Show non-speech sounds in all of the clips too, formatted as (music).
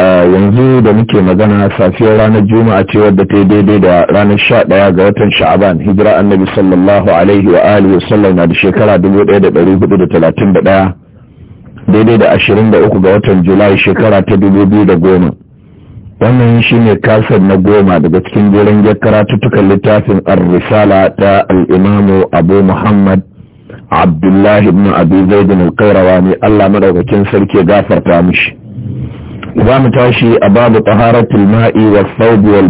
yanzu da muke magana safiyar ranar juma'a ce wadda ta yi daidai da ranar sha daya ga watan sha'aban hijira annabi sallallahu alaihi wa alihi wasallam na da shekara daya daidai da ashirin da uku ga watan julai shekara ta da goma. wannan ne kasar na goma daga cikin jerin karatuttukan littafin ar-risala ta al-imamu abu muhammad abdullahi ibn abi zaidin al ne Allah madaukakin sarki gafarta mishi za mu tashi a babu taharatul ma'i wa thawb wal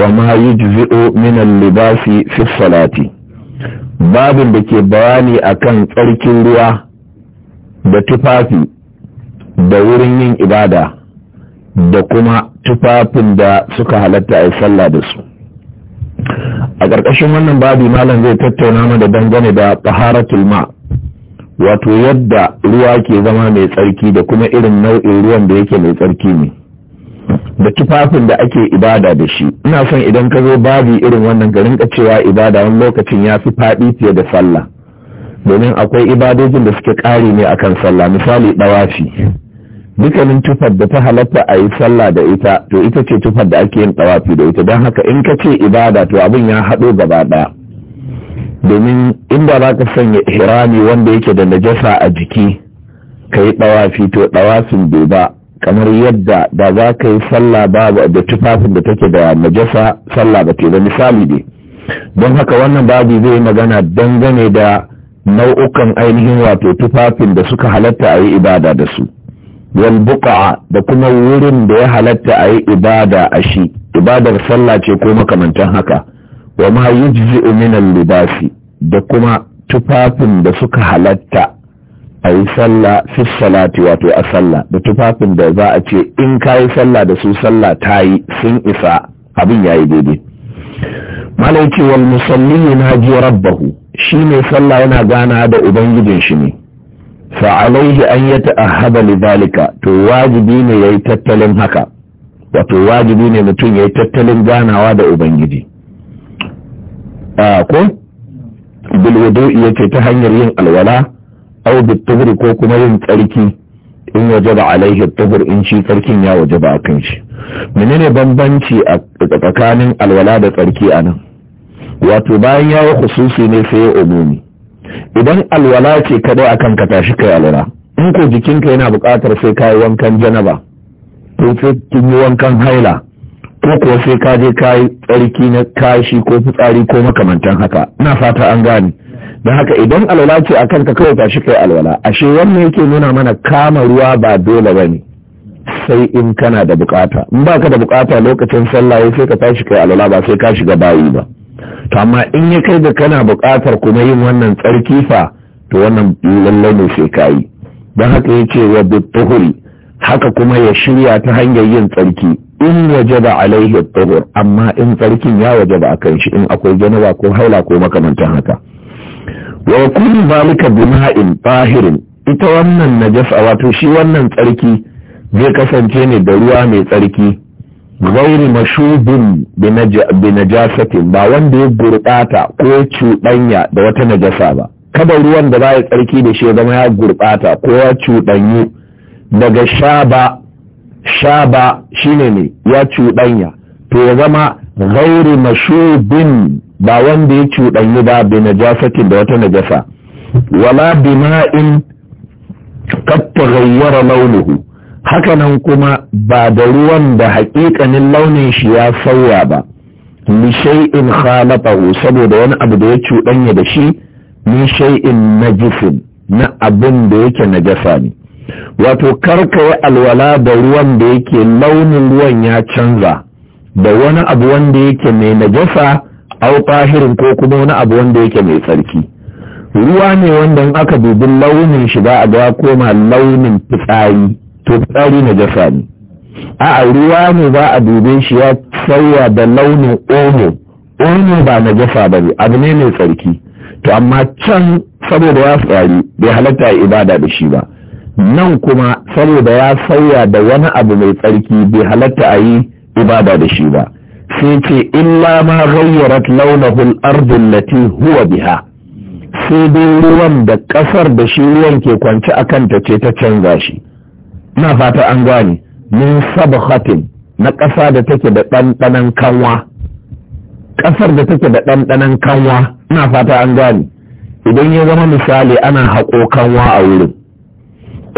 wa ma yujzi'u min al-libasi fi salati babin da ke bayani akan tsarkin ruwa da tufafi da wurin yin ibada da kuma tufafin da suka halatta a sallah da su a ƙarƙashin wannan babi malam zai tattauna mana dangane da taharatul ma' wato yadda ruwa ke zama mai tsarki da kuma irin nau'in ruwan da yake mai tsarki ne da tufafin da ake ibada da shi ina son idan ka zo babu irin wannan garin ka cewa ibada wani lokacin ya fi faɗi fiye da sallah domin akwai ibadojin da suke ƙari ne akan sallah misali ɗawafi dukkanin tufar da ta halatta a yi sallah da ita to ita ce tufar da ake yin ɗawafi da ita don haka in ka ce ibada to abin ya haɗo gaba ɗaya domin inda ba ka sanya ihrami wanda yake da najasa a jiki ka yi ɗawafi to ɗawafin bai ba kamar yadda da za ka yi sallah babu da tufafin da take da najasa sallah ba ke da misali ne don haka wannan babu zai magana dangane da nau'ukan ainihin wato tufafin da suka halatta a yi ibada da su wal da kuma wurin da ya halatta a yi ibada a shi ibadar sallah ce ko makamantan haka wa ma yujzi'u min libasi da kuma tufafin da suka halatta a yi sallah fi salati wato a sallah da tufafin da za a ce in ka yi sallah da su sallah tayi sun isa abin ya yi daidai malai wal musalli na ji rabbahu shi mai sallah yana gana da ubangijin shi ne fa alaihi an ya ta'ahaba li zalika to wajibi ne yayi tattalin haka wato wajibi ne mutum yayi tattalin ganawa da ubangiji ko bilwado iya ce ta hanyar yin alwala aw bit ko kuma yin tsarki in wajaba alaihi tubur in shi tsarkin ya wajaba a kan shi menene bambanci a tsakanin alwala da tsarki anan? wato bayan yawo khususi ne sai ya umumi idan alwala ce kadai akan ka tashi kai alwala in ko jikinka yana buƙatar sai ka wankan janaba ko sai kin yi wankan haila ko kuwa sai ka je ka yi tsarki na kashi ko fitsari ko makamantan haka na fata an gane don haka idan alwala ce a kanka kawai tashi kai alwala ashe wannan yake nuna mana kama ruwa ba dole ba ne sai in kana da bukata in ba ka da bukata lokacin sallah sai ka tashi kai alwala ba sai ka shiga bayi ba to amma in ya kai da kana bukatar kuma yin wannan tsarki fa to wannan lallai ne sai ka yi don haka ya ce wa haka kuma ya shirya ta hanyar yin tsarki in waje da alaihi tsohor amma in tsarkin ya waje a kan shi in akwai janawa ko haila ko makamantan haka wa kulli zalika bima'in tahirin ita wannan najasa wato shi wannan tsarki zai kasance ne da ruwa mai tsarki gairi mashubin bi najasatin ba wanda ya gurbata ko cuɗanya da wata najasa ba kada ruwan da ba ya tsarki da shi ya zama ya gurbata ko ya cuɗanyu daga sha ba shaba shi ne ya cuɗanya to ya zama gauri mashubin ba wanda ya cuɗanyi ba bi najasatin da wata najasa wala bima'in kad gayyara launuhu hakanan kuma ba da ruwan da haƙiƙanin launin shi ya sauya ba ni shay'in khalafahu saboda wani abu da ya cuɗanya da shi ni shay'in najisin na abin da yake najasa ne wato karkaye alwala da ruwan da yake launin ruwan ya canza da wani abu wanda yake mai najasa au tahirin ko kuma wani abu wanda yake mai tsarki ruwa ne wanda in aka dubi launin shi ba a ga koma launin fitsari to fitsari jasa ne a ruwa ne ba a dube shi ya sauya da launin omo omo ba na jasa ba ne abu ne mai tsarki to amma can saboda ya tsari bai halatta ibada da shi ba nan kuma saboda ya sauya da wani abu mai tsarki bai halatta a yi ibada da shi ba sai ce illa ma ghayyarat launahu al-ardu allati huwa biha sai dai ruwan da kasar da shi ruwan ke kwance a kanta ce ta canza shi na fata an gane min sabhatin na kasa da take da ɗanɗanon kanwa ƙasar da take da ɗanɗanon kanwa na fata an gane idan ya zama misali ana haƙo kanwa a wurin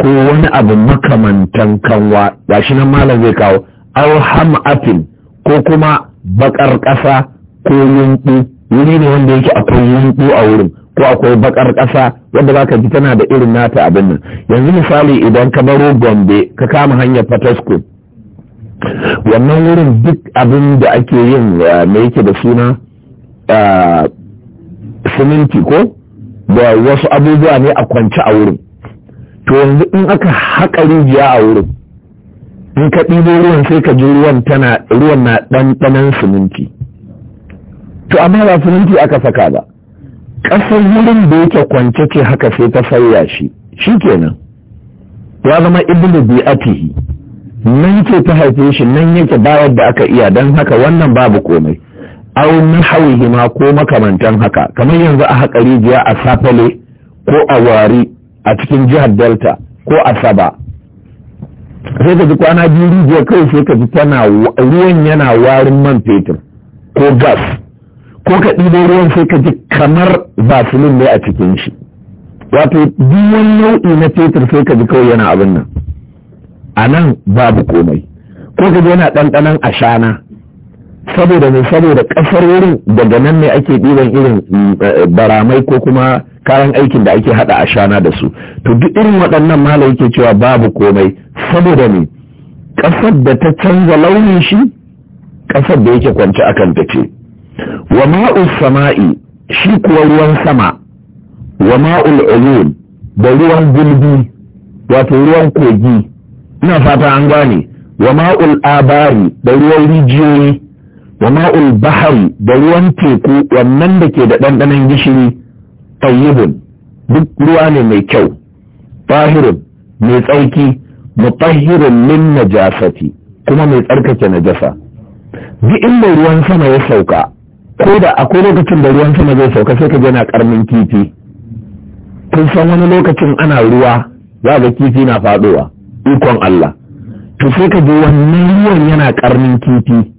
ko wani abu makamantan kanwa gashi nan malam zai kawo Alham Afin, ko kuma bakar ƙasa ko yunku wuri ne wanda yake akwai yunku a wurin ko akwai bakar ƙasa wanda zaka ji tana da irin nata abin nan yanzu misali idan ka baro gombe ka kama hanyar Patasco wannan wurin duk abin da ake yin eh, me yake da suna eh, siminti ko da wasu abubuwa ne a kwance a wurin to yanzu in aka haƙa rijiya a wurin in ka ɗibo ruwan sai ka ji ruwan tana ruwan na ɗanɗanan siminti to amma ba siminti aka saka ba ƙasar wurin da yake kwance ce haka sai ta sauya shi shi kenan ya zama ibnu bi'atihi nan ce ta haife shi nan yake bayar da aka iya don haka wannan babu komai au nahawihi ma ko makamantan haka kamar yanzu a haƙa rijiya a safale ko a wari a cikin jihar delta ko asaba sai ka ji kwana biyu rijiyar kai sai ka ji tana ruwan yana warin man fetur ko gas ko ka ɗibo ruwan sai ka ji kamar vaseline ne a cikin shi wato duk wani nau'i na fetur sai ka ji kawai yana abin nan a nan babu komai ko ka ji yana ɗanɗanon ashana saboda ne saboda kasar wurin daga nan ne ake ɗiban irin eh, baramai ko kuma kayan aikin da ake hada ashana da su to duk irin waɗannan mala yake cewa babu komai saboda ne ƙasar da ta canza launin shi kasar da yake kwance a ta ce wa ma'ul sama'i shi kuwa ruwan sama wa ma'ul uyun da ruwan gulbi wato ruwan kogi ina fata an gane wa ma'ul abari da ruwan rijiyoyi wa ma'ul bahari da ruwan teku wannan da ke da ɗanɗanon gishiri tayyibun duk ruwa ne mai kyau fahirun mai tsarki mutahhirun min najasati kuma mai tsarkake najasa duk inda ruwan sama ya sauka ko da akwai lokacin da ruwan sama zai sauka sai ka je na karmin kifi kun san wani lokacin ana ruwa za ga kifi na faɗowa ikon Allah to sai ka ji wannan ruwan yana karmin kifi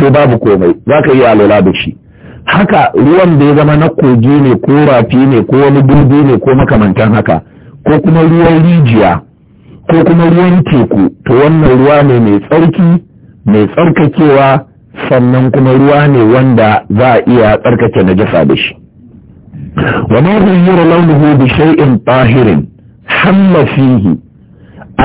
to babu komai za ka iya alola da shi haka ruwan da ya zama na kogi ne ko rafi ne ko wani dubu ne ko makamantan haka ko kuma ruwan rijiya ko kuma ruwan teku to wannan ruwa ne mai tsarki mai tsarkakewa sannan kuma ruwa ne wanda za a iya tsarkake najasa da shi wani hanyar zuyyira launuhu shai'in shay'in tahirin hamma fihi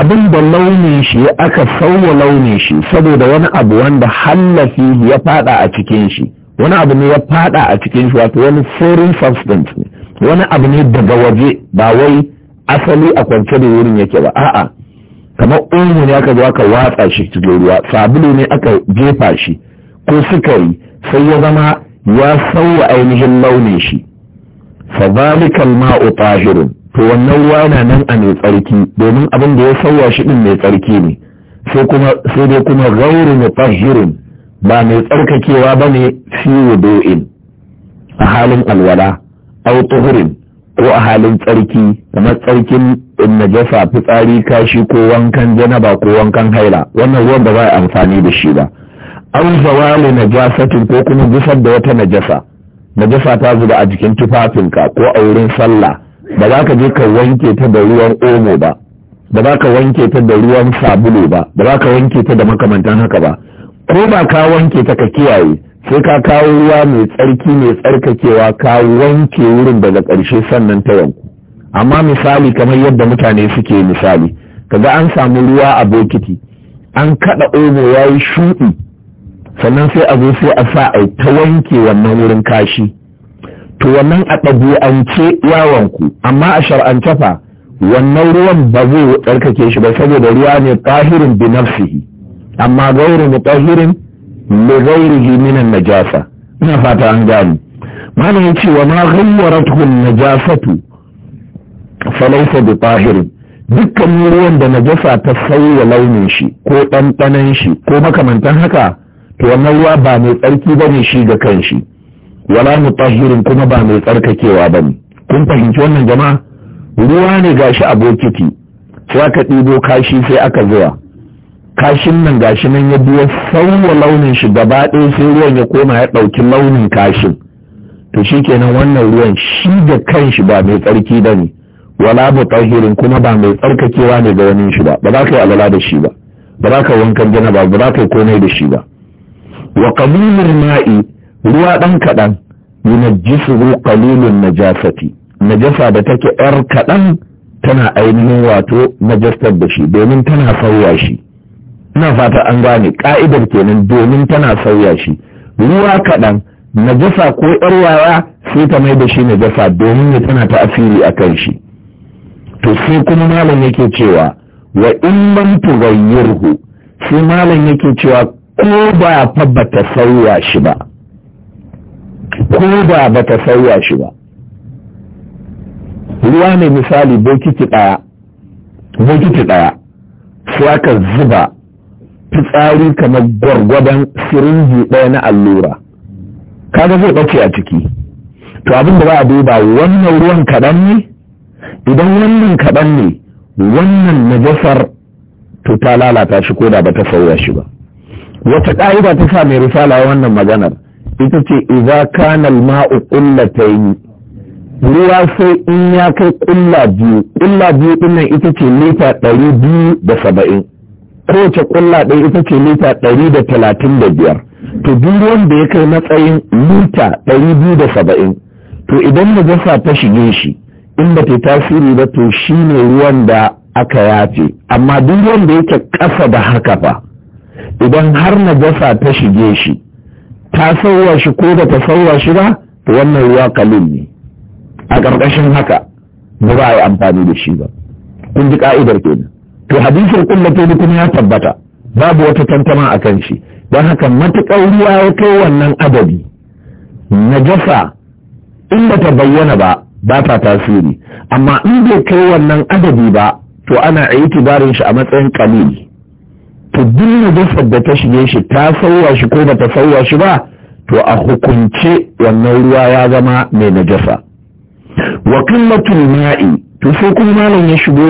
abin da launin shi aka sauya launin shi saboda wani abu wanda hallafi ya fada a cikin shi wani abu ne ya fada a cikin shi wato wani foreign substance ne wani abu ne daga waje ba wai asali a kwance da wurin yake ba a'a kamar omo ne aka zo aka watsa shi cikin ruwa sabulu ne aka jefa shi ko sukari sai ya zama ya sauya ainihin launin shi fa zalikal ma'u tahirun to wannan ruwa na nan a mai tsarki domin abin da ya sauwa shi din mai tsarki ne sai kuma sai dai kuma gauru mutahhirun ba mai tsarkakewa bane fi do'in a halin alwala aw ko a halin tsarki kamar tsarkin najasa fitsari kashi ko wankan janaba ko wankan haila wannan ruwan ba za a amfani da shi ba an zawali najasatin ko kuma gusar da wata najasa najasa ta zuba a jikin tufafinka ko a wurin sallah ba za ka je ka wanke ta da ruwan omo ba ba za ka wanke ta da ruwan sabulu ba ba za ka wanke ta da makamantan haka ba ko ba ka wanke ta ka kiyaye sai ka kawo ruwa mai tsarki mai tsarkakewa ka wanke wurin daga ƙarshe sannan ta yanku amma misali kamar yadda mutane suke misali kaga an samu ruwa a bokiti an kada omo yayi yi shuɗi sannan sai a zo sai a sa a ta wanke wannan wurin kashi to wannan a ɗabi'ance yawanku amma a shar'ance fa wannan ruwan ba zai tsarkake shi ba saboda ruwa ne tahirin bi nafsihi amma gairin mutahirin li gairi minan najasa ina fata an gani malam ce wa ma ghayyarathu najasatu falaisa bi tahirin dukkan ruwan da najasa ta sauya launin shi ko ɗanɗanan shi ko makamantan haka to wannan ruwa ba mai tsarki ba bane shi ga kanshi wala mutahhirin kuma ba mai tsarkakewa ba ne kun fahimci wannan jama'a ruwa ne gashi a bokiti sai aka ɗibo kashi sai aka zuwa kashin nan gashi nan ya biya sauwa launin shi gaba ɗaya sai ruwan ya koma ya ɗauki launin kashin to shi kenan wannan ruwan shi da kanshi ba mai tsarki ba ne wala mutahhirin kuma ba mai tsarkakewa ne ga wani shi ba ba za ka yi alala da shi ba ba za ka wankan ba ba za ka yi komai da shi ba wa qabilul ma'i ruwa ɗan kaɗan yunajjisuhu qalilun najasati najasa da take ƴar kaɗan tana ainihin wato najastar da shi domin tana sauya shi ina fata an gane ƙa'idar kenan domin tana sauya shi ruwa kaɗan najasa ko ƴar waya sai ta mai da shi najasa domin ya tana ta asiri a kan shi to sai kuma malam yake cewa wa in lam tughayyirhu sai malam yake cewa ko ba fa bata sauya shi ba ko da ba ta sauya shi ba ruwa ne misali bokiti ɗaya bokiti ɗaya su aka zuba fitsari kamar gwargwadon sirinji ɗaya na allura kaga zai ɓace a ciki to abin da ba a duba wannan ruwan kaɗan ne idan wannan kaɗan ne wannan najasar to ta lalata shi ko da ba ta sauya shi ba wata ƙa'ida ta sa mai risala wannan maganar ita ce idza kana al ruwa sai in ya kai ƙulla biyu ƙulla biyu dinnan ita ce ɗari biyu da saba'in kowace ƙulla ɗaya ita ce ɗari da talatin da biyar to duk ruwan da ya kai matsayin lita ɗari biyu da saba'in to idan gasa ta shige shi in ba ta tasiri ba to shi ne ruwan da aka yafe amma duk ruwan da yake ƙasa da haka ba idan har na gasa ta shige shi ta sauwa shi ko ba ta sauwa shi ba to wannan ruwa kalin ne a ƙarƙashin haka ba za a yi amfani da shi ba kun ji ka'idar kenan to hadisin kullato kuma ya tabbata babu wata tantama a kan shi don haka matuƙar ruwa ya kai wannan adadi jasa in ba ta bayyana ba ba ta tasiri amma in bai kai wannan adadi ba to ana barin shi a matsayin kalili to duk najasar da ta shige shi ta sauwa shi ko ba ta sauwa shi ba to a hukunce wannan ruwa ya zama mai najasa wa qillatul ma'i to sai kuma malam ya shigo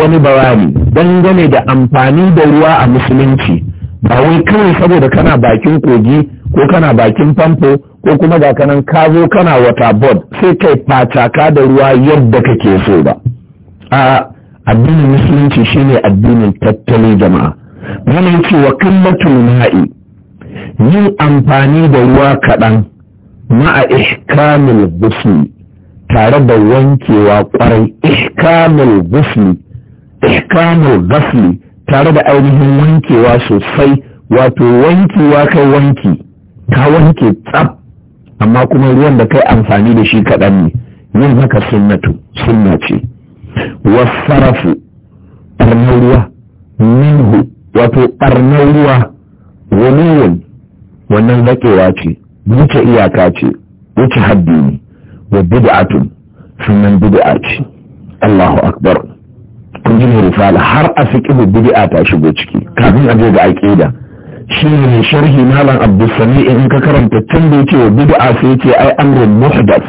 wani bayani dangane da amfani da ruwa a musulunci ba wai kawai saboda kana bakin kogi ko kana bakin famfo ko kuma ga kanan ka zo kana wata bod sai kai fataka da ruwa yadda kake so ba a addinin musulunci shine addinin tattalin jama'a wani yake wa kallatul ma'i yin amfani da ruwa kaɗan ma'a ihkamil gusli tare da wankewa ƙwarai ihkamil gusli ihkamil gusli tare da ainihin wankewa sosai wato wankewa kai wanki ka wanke tsaf, amma kuma ruwan da kai amfani da shi kaɗan ne yin haka sunnatu sunna ce wasarafu ɓarnar ruwa minhu wato ɓarnar ruwa wani wannan zaƙewa ce wuce iyaka ce wuce haddi ne wa bid'atun sunan bid'a ce Allahu akbar kun ji risala har a fiqhu bid'a ta shigo ciki kafin a je ga aqida shi ne sharhi malam Abdulsami in ka karanta tun da yake wa bid'a sai ce ai amrun muhdath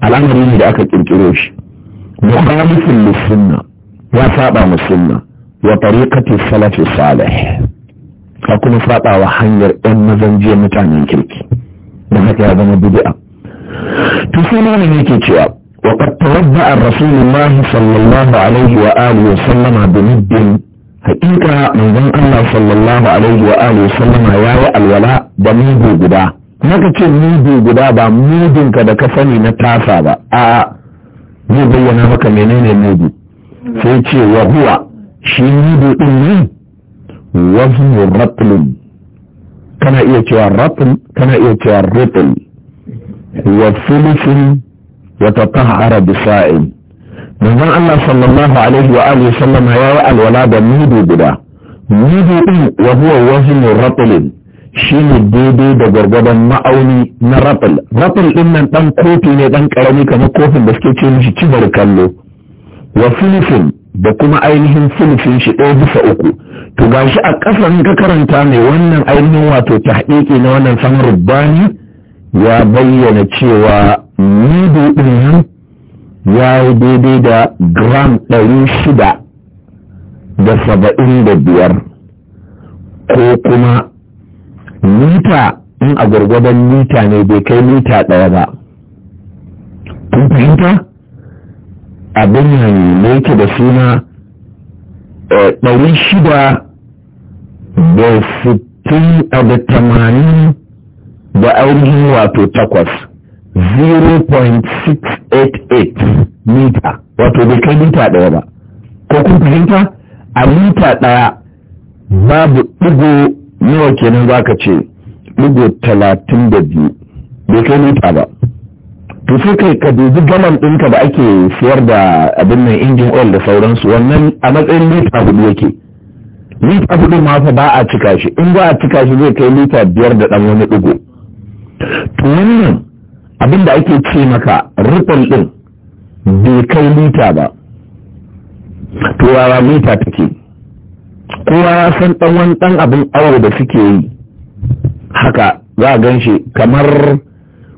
al'amari ne da aka kirkiro shi mukhalifun lis ya saba musulma wa tariqati salafi salih ka kuma fada wa hanyar yan mazan jiya mutane kirki da haka ya zama bid'a to sai ne ne yake cewa wa qad tawadda ar-rasulullahi sallallahu alaihi wa alihi wa sallama bi nabbin haqiqa manzon Allah sallallahu alaihi wa alihi wa sallama yayi alwala da mudu guda naka ce mudu guda ba mudin ka da ka sani na tasa ba a'a zai bayyana maka menene mudu sai ce wa shi buɗin nan wazin ratlin kana iya cewa ratl kana iya cewa ratl wa fulufin ya tatahara bisa'in manzon Allah sallallahu alaihi wa alihi sallama yayi alwala da mudu guda mudu din wa huwa wazin ratlin shine daidai da gwargwadon ma'auni na ratl ratl din nan dan kofi ne dan karami kamar kofin da suke ce mishi cibar kallo wa fulufin da kuma ainihin sulfin shi ɗaya bisa uku to gashi a ƙasan ka karanta mai wannan ainihin wato tahqiqi na wannan san rubani. ya bayyana cewa nido ɗin nan ya yi daidai da gram ɗari shida da saba'in da biyar ko kuma mita in a gwargwadon mita ne bai kai mita ɗaya ba kun fahimta abin ne yake da suna eh, ɗari shida da sittin da tamanin da ainihin wato takwas 0.688 mita wato bai kai mita ɗaya ba ko kun fahimta a mita ɗaya babu ɗigo nawa kenan za ka ce ɗigo talatin da biyu bai kai mita ba to sai kai ka dubi gaman ɗinka da ake siyar da abin nan injin oil da sauransu wannan a matsayin lita hudu yake lita hudu ma fa ba a cika shi in ba a cika shi zai kai lita biyar da ɗan wani ɗigo to wannan abin da ake ce maka rufin ɗin bai kai lita ba to yara lita take kowa ya san ɗan wani ɗan abin awo da suke yi haka za a gan shi kamar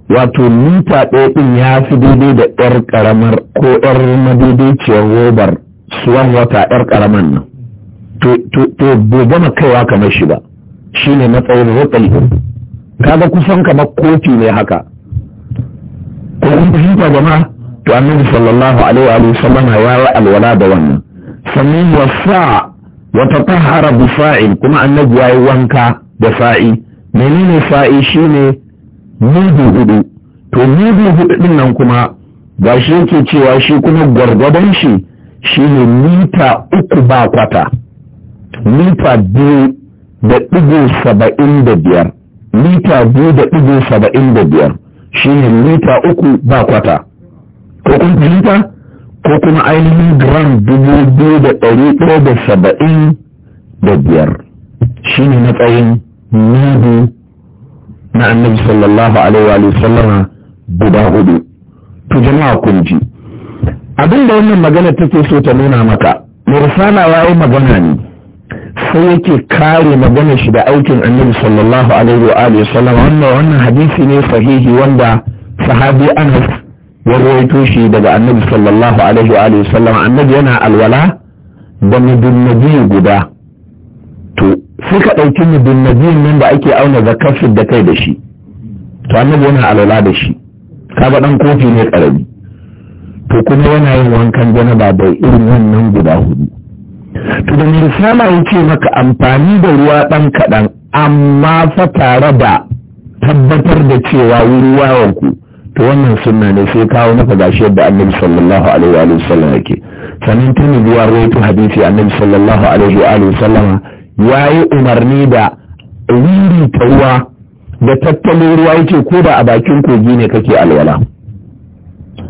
wato mita ɗaya ɗin ya fi daidai da ƴar ƙaramar ko ƴar madaidaiciyar robar suwan wata ƴar ƙaramar nan to bai gama kaiwa kamar shi ba shi ne matsayin Ka kaga kusan kamar kofi ne haka ko kun fahimta jama'a to annabi sallallahu alaihi wa sallam ya yi alwala da wannan sannan wasa wata tahara bi sa'il kuma annabi ya yi wanka da sa'i menene sa'i shine mudu hudu to mudu hudu din nan kuma ga shi yake cewa shi kuma gwargwadon shi shi ne mita uku ba kwata mita biyu da ɗigo saba'in da biyar mita biyu da ɗigo saba'in da biyar shi ne mita uku ba kwata ko kun fahimta ko kuma ainihin gram dubu biyu da ɗari ɗaya da saba'in da biyar shi ne matsayin mudu na annabi sallallahu alaihi wa sallama guda hudu to jama'a kun ji abin da wannan magana take so ta nuna maka mursala yayi magana ne sai yake kare magana shi da aikin annabi sallallahu alaihi wa sallama wannan wannan hadisi ne sahihi wanda sahabi Anas ya rawaito shi daga annabi sallallahu alaihi wa sallama annabi yana alwala da madunnabi guda Sai ka ɗauki mudun nabiyin nan da ake auna zakafin da kai da shi to annabi yana alala da shi Ka kaga ɗan kofi ne ƙarami to kuma yana yin wankan janaba da irin wannan guda hudu to da mirsala ya ce maka amfani da ruwa ɗan kaɗan amma fa tare da tabbatar da cewa wuri wawanku to wannan sunna ne sai kawo maka gashi yadda annabi sallallahu alaihi wa sallam yake sannan tuni biya rawaito hadisi annabi sallallahu alaihi wa sallam ya yi umarni da wuri ta ruwa da tattalin ruwa yake ko da a bakin kogi ne kake alwala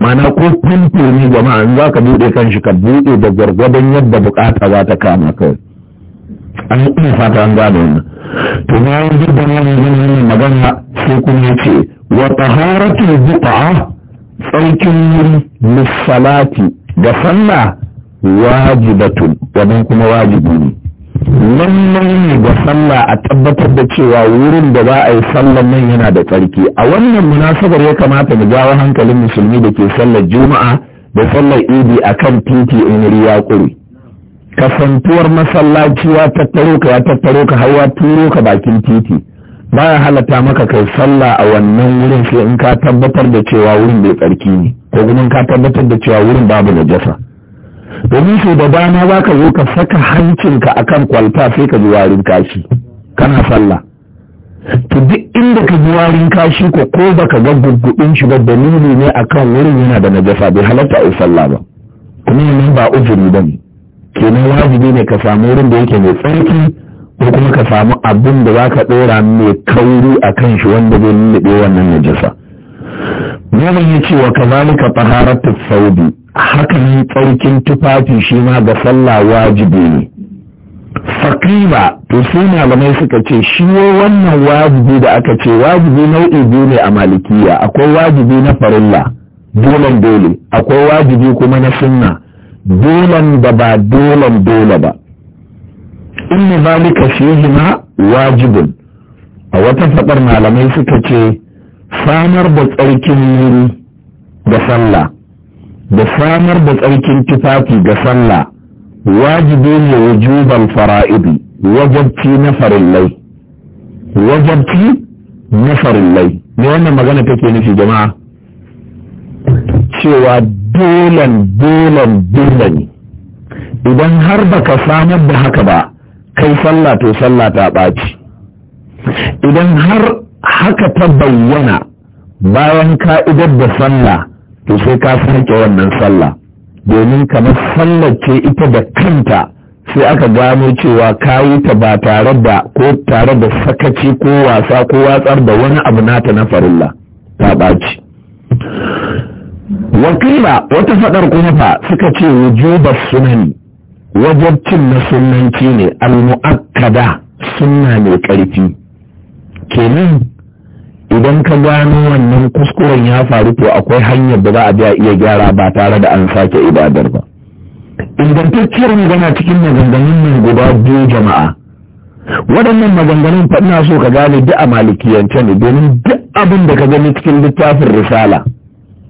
mana ko famfo ne jama'a in za ka buɗe kan shi ka buɗe da gwargwadon yadda bukata za ta kama kai. an yi fata an gane wannan to bayan jirgin wani yi magana sai kuma ya ce wa zuba a tsarkin wuri lissalati da sallah wajibatun wannan kuma wajibi ne lallai ne da sallah a tabbatar da cewa wurin da za a yi sallar nan yana da tsarki a wannan munasabar ya kamata mu jawo hankalin musulmi da ke sallar juma'a da sallar idi a kan titi in riya kuri kasantuwar masallaci ya tattaro ka ya tattaro ka har turo ka bakin titi ba ya halatta maka kai sallah a wannan wurin sai in ka tabbatar da cewa wurin bai tsarki ne ko kuma in ka tabbatar da cewa wurin babu najasa domin shi da dama za ka zo ka saka hancinka akan kwalta sai ka ji warin kashi kana sallah to duk inda ka ji warin kashi ko ko baka ga gugguɗin shi ba dalili ne akan wurin yana da najasa bai halatta a sallah ba kuma yanzu ba uzuri Ke kenan wajibi ne ka samu wurin da yake mai tsarki ko kuma ka samu abin da za ka ɗora mai kauri a kan shi wanda zai lullube wannan najasa Malam ya ce wa ka kazalika taharatu saubi haka ne tsarkin tufafi shi ma ga sallah wajibi ne faƙiba to sai malamai suka ce shi wannan wajibi da aka ce wajibi nau'i biyu ne a malikiya akwai wajibi na farilla dolan dole akwai wajibi kuma na sunna dolan da ba dolan dole ba inna zalika fihi ma wajibun a wata faɗar malamai suka ce samar da tsarkin wuri da sallah da samar da tsarkin tufafi ga sallah wajibi ne wujuban fara'idi wajabci na farillai wajabci na farillai ne wannan magana take nufi jama'a cewa dolan dolan dole ne idan har baka samar da haka ba kai sallah to sallah ta ɓaci idan har haka ta bayyana bayan ka'idar da sallah to sai ka sake wannan sallah domin kamar sallar ce ita da kanta sai aka gano cewa ka yi ta ba tare da ko tare da sakaci ko wasa ko watsar da wani abu nata na farilla ta ɓaci wakila wata faɗar kuma fa suka ce wujuba sunani wajabcin na sunanci ne al-mu'akkada sunna mai ƙarfi kenan idan ka gano wannan kuskuren ya faru to akwai hanyar da za a biya iya gyara ba tare da an sake ibadar ba ingantacciyar magana cikin maganganun nan guda biyu jama'a waɗannan maganganun faɗina so ka gane duk a malikiyance ne domin duk abin da ka gani cikin littafin risala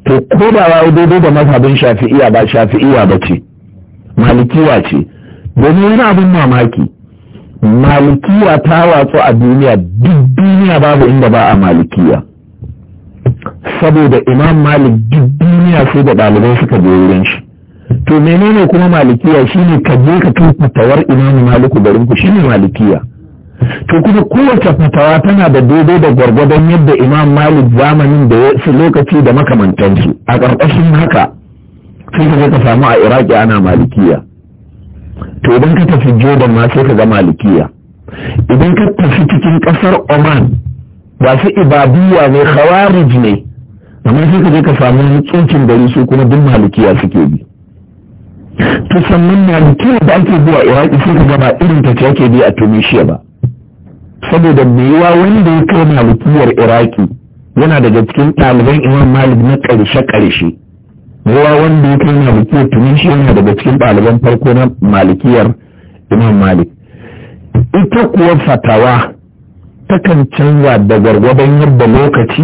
to ko da wa daidai da mazhabin shafi'iya ba shafi'iya ba ce malikiya ce domin wani abin mamaki malikiya ta watsu a duniya duk duniya babu inda ba a malikiya saboda imam malik duk duniya sai da ɗalibai suka je wurin shi to menene kuma malikiya shine ka je ka kai fatawar imam malik garin ku shine malikiya to kuma kowace fatawa tana da daidai da gwargwadon yadda imam malik zamanin da ya lokaci da makamantansu a ƙarƙashin haka sai ka ka samu a iraki ana malikiya to idan ka tafi jordan ma sai ka ga malikiya idan ka tafi cikin kasar oman ba su ibabuwa ne khawarij ne amma sai ka je ka samu tsinkin gari su kuma duk malikiya suke bi to sannan malikiya da ake zuwa iraki sai ka ga ba irin ta ce ake bi a tunisia ba saboda yiwa wanda ya kai malikiyar iraki yana daga cikin ɗaliban imam malik na ƙarshe-ƙarshe ruwa wanda ya kai malikiya tuni shi yana daga cikin ɗaliban farko na malikiyar imam malik ita kuwa fatawa takan canza da gwargwadon yadda lokaci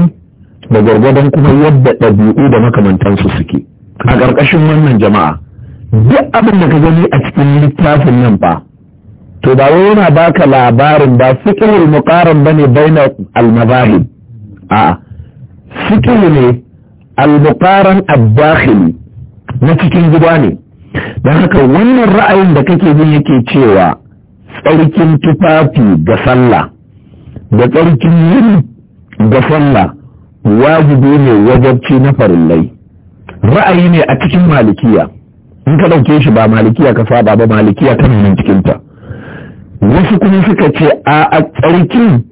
da gwargwadon kuma yadda ɗabi'u da makamantansu suke a ƙarƙashin wannan jama'a duk abin da ka gani a cikin littafin nan ba to ba wai yana baka labarin ba fiqhul muqaran bane baina al-mazahib a'a fiqh ne albukaran muqaran na cikin gida ne don haka wannan ra'ayin da kake bin yake cewa tsarkin tufafi ga sallah da tsarkin yin ga sallah wajibi ne wajabci na farillai ra'ayi ne a cikin malikiya in ka ɗauke shi ba malikiya ka saba ba malikiya ta nan cikinta wasu kuma suka ce a tsarkin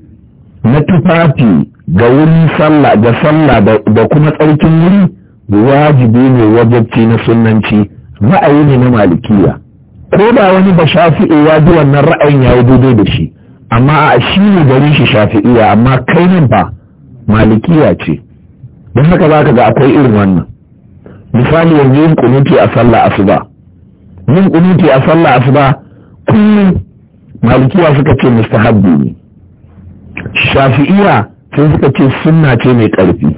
na tufafi ga wurin sallah ga sallah da kuma tsarkin wuri wajibi ne wajabci na sunanci ra'ayi ne na malikiya ko da wani ba shafi'i ya ji wannan ra'ayin ya yi daidai da shi amma a shi ne gari shi shafi'iya amma kai nan ba malikiya ce don haka za ka ga akwai irin wannan misali yanzu yin kunuti a sallah asuba yin kunuti a sallah asuba kullum malikiya suka ce mustahabbi ne shafi'iya sai suka ce sunna ce mai ƙarfi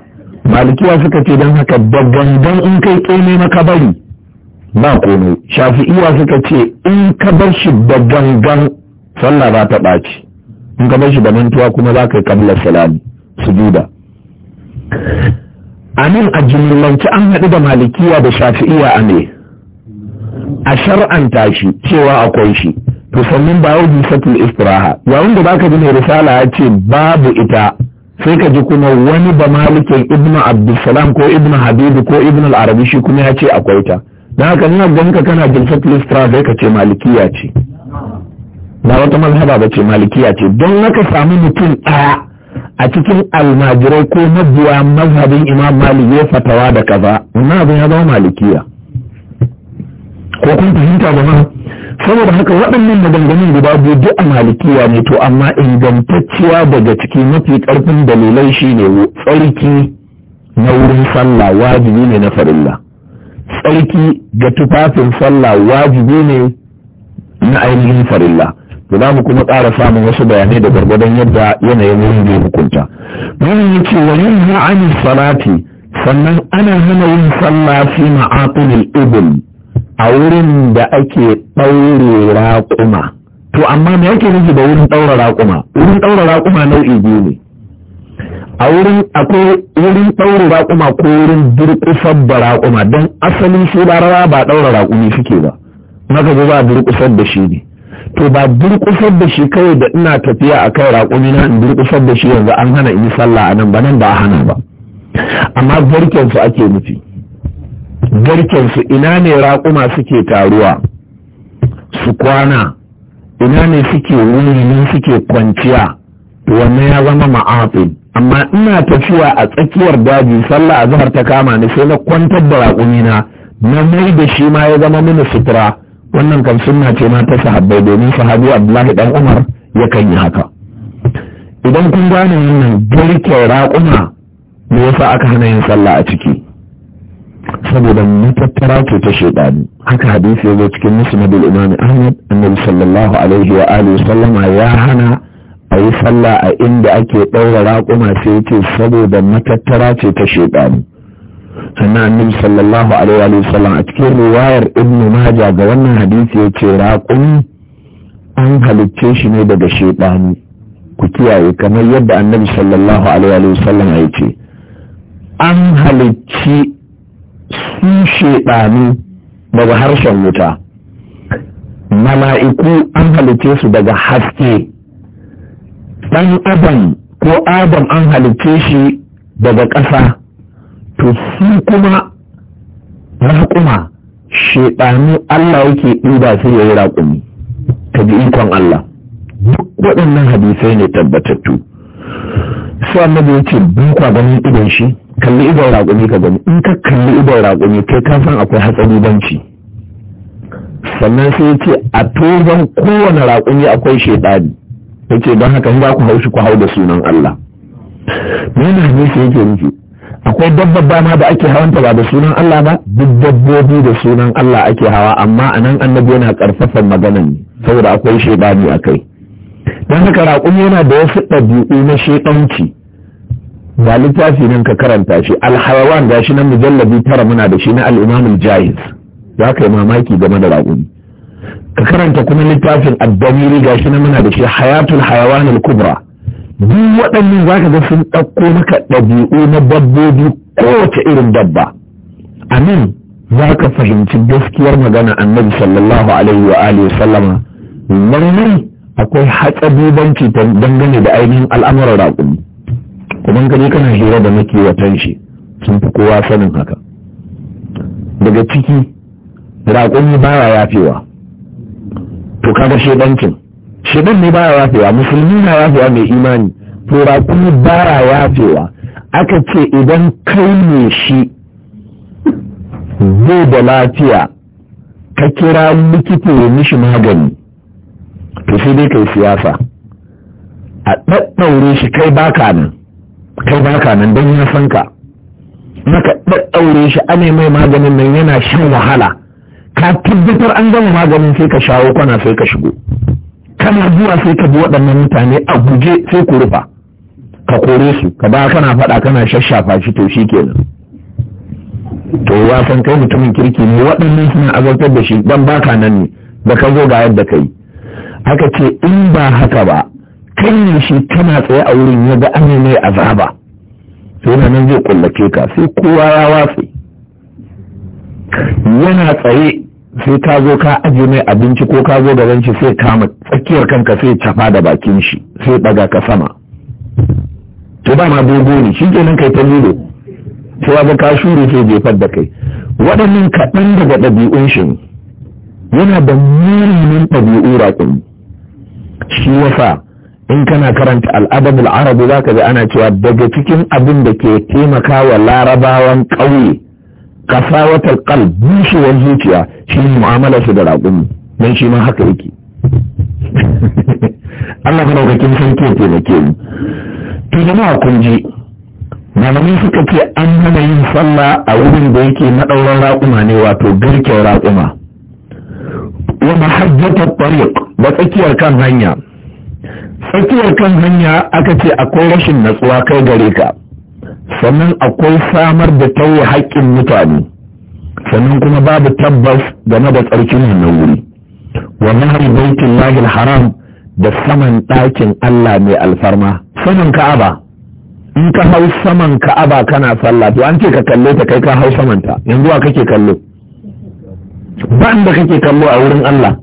malikiya suka ce don haka da gangan in kai tsone maka bari. ba komai shafi'iwa suka ce in ka bar shi da gangan sallah ba ta ɓaci in ka bar shi da mantuwa kuma za ka yi kablar salami duba a nan a jimillanci an haɗu da malikiya da shafi'iya a ne a shar'anta shi cewa akwai shi to sannan ba yau bisatul istiraha yawun da baka ji mai risala ya ce babu ita sai ka ji kuma wani ba malikin ibnu abdulsalam ko ibnu habibu ko ibnu al-arabi shi kuma ya ce akwai ta dan haka ina ganka kana jinsa listra sai ka ce malikiya ce ba wata mazhaba ba ce malikiya ce don haka samu mutum ɗaya a cikin almajirai ko mabiya mazhabin imam malik ya fatawa da kaza na abin ya zama malikiya ko kun fahimta ma saboda haka waɗannan maganganun guda biyu duk a malikiya ne to amma ingantacciya daga ciki mafi ƙarfin dalilai shine tsarki na wurin sallah wajibi ne na farilla tsarki ga tufafin sallah wajibi ne na ainihin farilla to za mu kuma ƙara samun wasu bayanai da gwargwadon yadda yanayin wurin bai hukunta wannan ya ce wa yin ha'ani salati sannan ana hana yin sallah fi ma'aqilil ibn a wurin da ake ɗaure raƙuma to amma me ake nufi da wurin ɗaure raƙuma wurin ɗaure raƙuma nau'i biyu ne a wurin akwai wurin ɗaure raƙuma ko wurin durƙusar da raƙuma don asalin su rawa ba ɗaure raƙumi suke ba maka zo ba durƙusar da shi ne to ba durƙusar da shi kawai da ina tafiya a kai raƙumi na in durƙusar da shi yanzu an hana in yi sallah a nan ba nan ba a hana ba amma zarkensu ake nufi garkensu ina ne raƙuma suke taruwa su kwana ina ne suke wuni suke kwanciya wannan ya zama ma'afin amma ina tafiya a tsakiyar daji sallah a zahar ta kama ni sai na kwantar da raƙumina na na mai da shi ma ya zama mini sutura wannan kan sunna ce ma ta sahabbai domin sahabi abdullahi dan umar yakan yi haka idan kun gane wannan garken raƙuma me yasa aka hana yin sallah a ciki saboda matattara ce ta shaidani haka hadisi ya zo cikin musnadul imam ahmad annabi sallallahu alaihi wa alihi sallama ya hana a yi sallah a inda ake ɗaura raƙuma sai ce saboda matattara ce ta shaidani sannan annabi sallallahu alaihi wa sallam a cikin riwayar ibn majah ga wannan hadisi ya ce raƙumi an halicce shi ne daga shaidani ku kiyaye kamar yadda annabi sallallahu alaihi wa sallam ya ce an halicci su shaidanu daga harshen wuta mala'iku an halice su daga haske ɗan adam ko adam an halice shi daga ƙasa to su kuma raƙuma shaidanu Allah yake ɗuba su yi raƙumi ta bi ikon Allah duk waɗannan hadisai ne tabbatattu su annabi yake ba ganin idon shi kalli idon raƙumi ka gani in ka kalli idon raƙumi kai ka san akwai hatsari banci sannan sai ya ce a tozon kowane raƙumi akwai shaidani ya ce don haka za ku haushi ku hau da sunan Allah mene sai yake nufi akwai dabba ma da ake hawanta ba da sunan Allah ba duk dabbobi da sunan Allah ake hawa amma a anan annabi yana magana maganan saboda akwai shaidani a kai don haka raƙumi yana da wasu ɗabi'u na shaidanci ga littafi nan ka karanta shi alhayawan ga shi nan mujallabi tara muna da shi na al'imamul jahiz za ka yi mamaki game da raƙumi ka karanta kuma littafin addamiri ga shi nan muna da shi hayatul hayawanul kubra duk waɗannan za ka ga sun ɗauko maka ɗabi'u na dabbobi kowace irin dabba Amin. za ka fahimci gaskiyar magana annabi sallallahu alaihi wa alihi sallama lallai akwai hatsabibanci dangane da ainihin al'amuran raƙumi kuma gani kana hira da muke watan shi sun fi kowa sanin haka daga ciki raƙumi baya yafewa to kaga shedancin shedan ne baya yafewa musulmi na yafewa mai imani to raƙumi baya yafewa aka ce idan kai ne shi zai da lafiya ka kira likita ya mishi magani to sai dai kai siyasa a ɗaɗɗaure shi kai baka nan kai ba ka nan don ya san ka maka ɗaɗɗaure shi ane mai maganin nan yana shan wahala ka tabbatar an gama maganin sai ka shawo kwana sai ka shigo kana zuwa sai ka bi waɗannan mutane a guje sai ku rufa ka kore su ka ba kana faɗa kana shashafa shi to shi kenan to ya san kai mutumin kirki ne waɗannan suna azartar da shi dan baka nan ne da ka zo ga yadda kai aka ce in ba haka ba kan shi tana tsaye a wurin ya ga an mai azaba sai na nan zai kullace ka sai kowa ya watsi yana tsaye sai ka zo ka ajiye mai abinci ko ka zo gaban shi sai kama tsakiyar kanka sai tafa da bakin shi sai daga ka sama to ba ma dogo ne shi kenan kai ta lilo sai ga ka shuru sai jefar da kai waɗannan kaɗan daga ɗabi'un shi yana da munin ɗabi'u raƙumi shi yasa in kana karanta al'adabul arabu za ka ji ana cewa daga cikin abin da ke taimaka wa larabawan ƙauye wata kal bushewar zuciya shi mu'amala su da raƙumi don shi ma haka yake (laughs) Allah ka daukakin sarki ya taimake ke. to jama'a kun ji malamai suka ce an hana yin sallah a wurin da yake maɗauran raƙuma ne wato garken raƙuma wa mahajjatar tariq da tsakiyar kan hanya tsakiyar kan hanya aka ce akwai rashin natsuwa kai gare ka sannan akwai samar da tauye haƙƙin mutane sannan kuma babu tabbas game da tsarkin wannan wuri wannan hari baitin lahil haram da saman ɗakin Allah mai alfarma saman ka'aba in ka hau saman ka'aba kana sallah to an ce ka kalle ta kai ka hau samanta yanzu a kake kallo ba da kake kallo a wurin Allah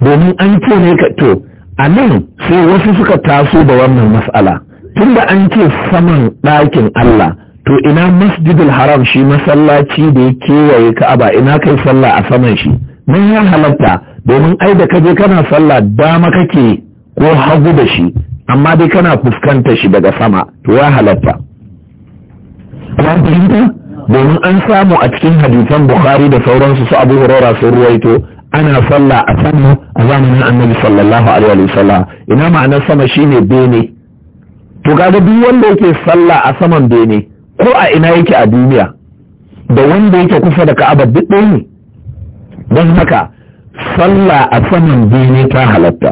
domin an ce ne ka to a nan sai wasu suka taso da wannan matsala tunda an ce saman ɗakin Allah to ina masjidul haram shi masallaci da ya kewaye ka'aba ina kai sallah a saman shi nan ya halatta domin ai da kaje kana sallah dama kake ko hagu da shi amma dai kana fuskanta shi daga sama to ya halatta domin an samu a cikin hadisan bukhari da sauransu su abu hurara sun ruwaito ana sallah a sama a zamanin annabi sallallahu alaihi sallam ina ma'anar sama shine bene to kaga duk wanda yake sallah a saman bene ko a ina yake a duniya da wanda yake kusa da ka'aba duk ɗaya ne don haka sallah a saman bene ta halatta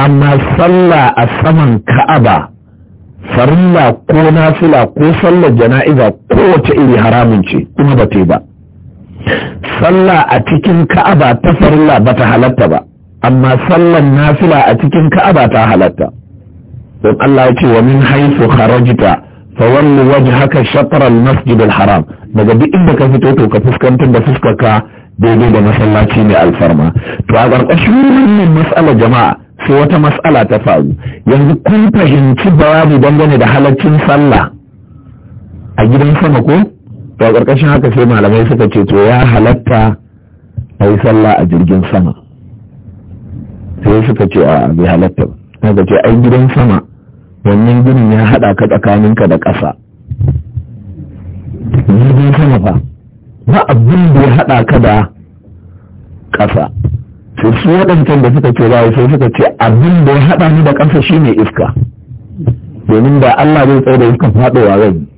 amma sallah a saman ka'aba farilla ko nasila ko sallar jana'iza kowace iri haramun ce kuma ba ta ba sallah a cikin ka'aba ta farilla ba ta halatta ba amma sallan nafila a cikin ka'aba ta halatta don Allah ya ce wa min haisu kharajta fa wallu wajhaka shatr al-masjid al-haram daga duk inda ka fito to ka fuskantar da fuskarka daidai da masallaci mai alfarma to a ƙarƙashin wannan mas'ala jama'a sai wata mas'ala ta faru yanzu kun fahimci bayani dangane da halaccin sallah a gidan sama ko to a ƙarƙashin haka sai malamai suka ce to ya halatta a yi sallah a jirgin sama sai suka ce a bai halatta ba ce ai gidan sama wannan ginin ya haɗa ka tsakaninka da ƙasa jirgin sama fa ba abin da ya haɗa ka da ƙasa sai su waɗancan da suka ce ba sai suka ce abin da ya haɗa ni da ƙasa shine iska domin da Allah zai tsaye da iska faɗowa zai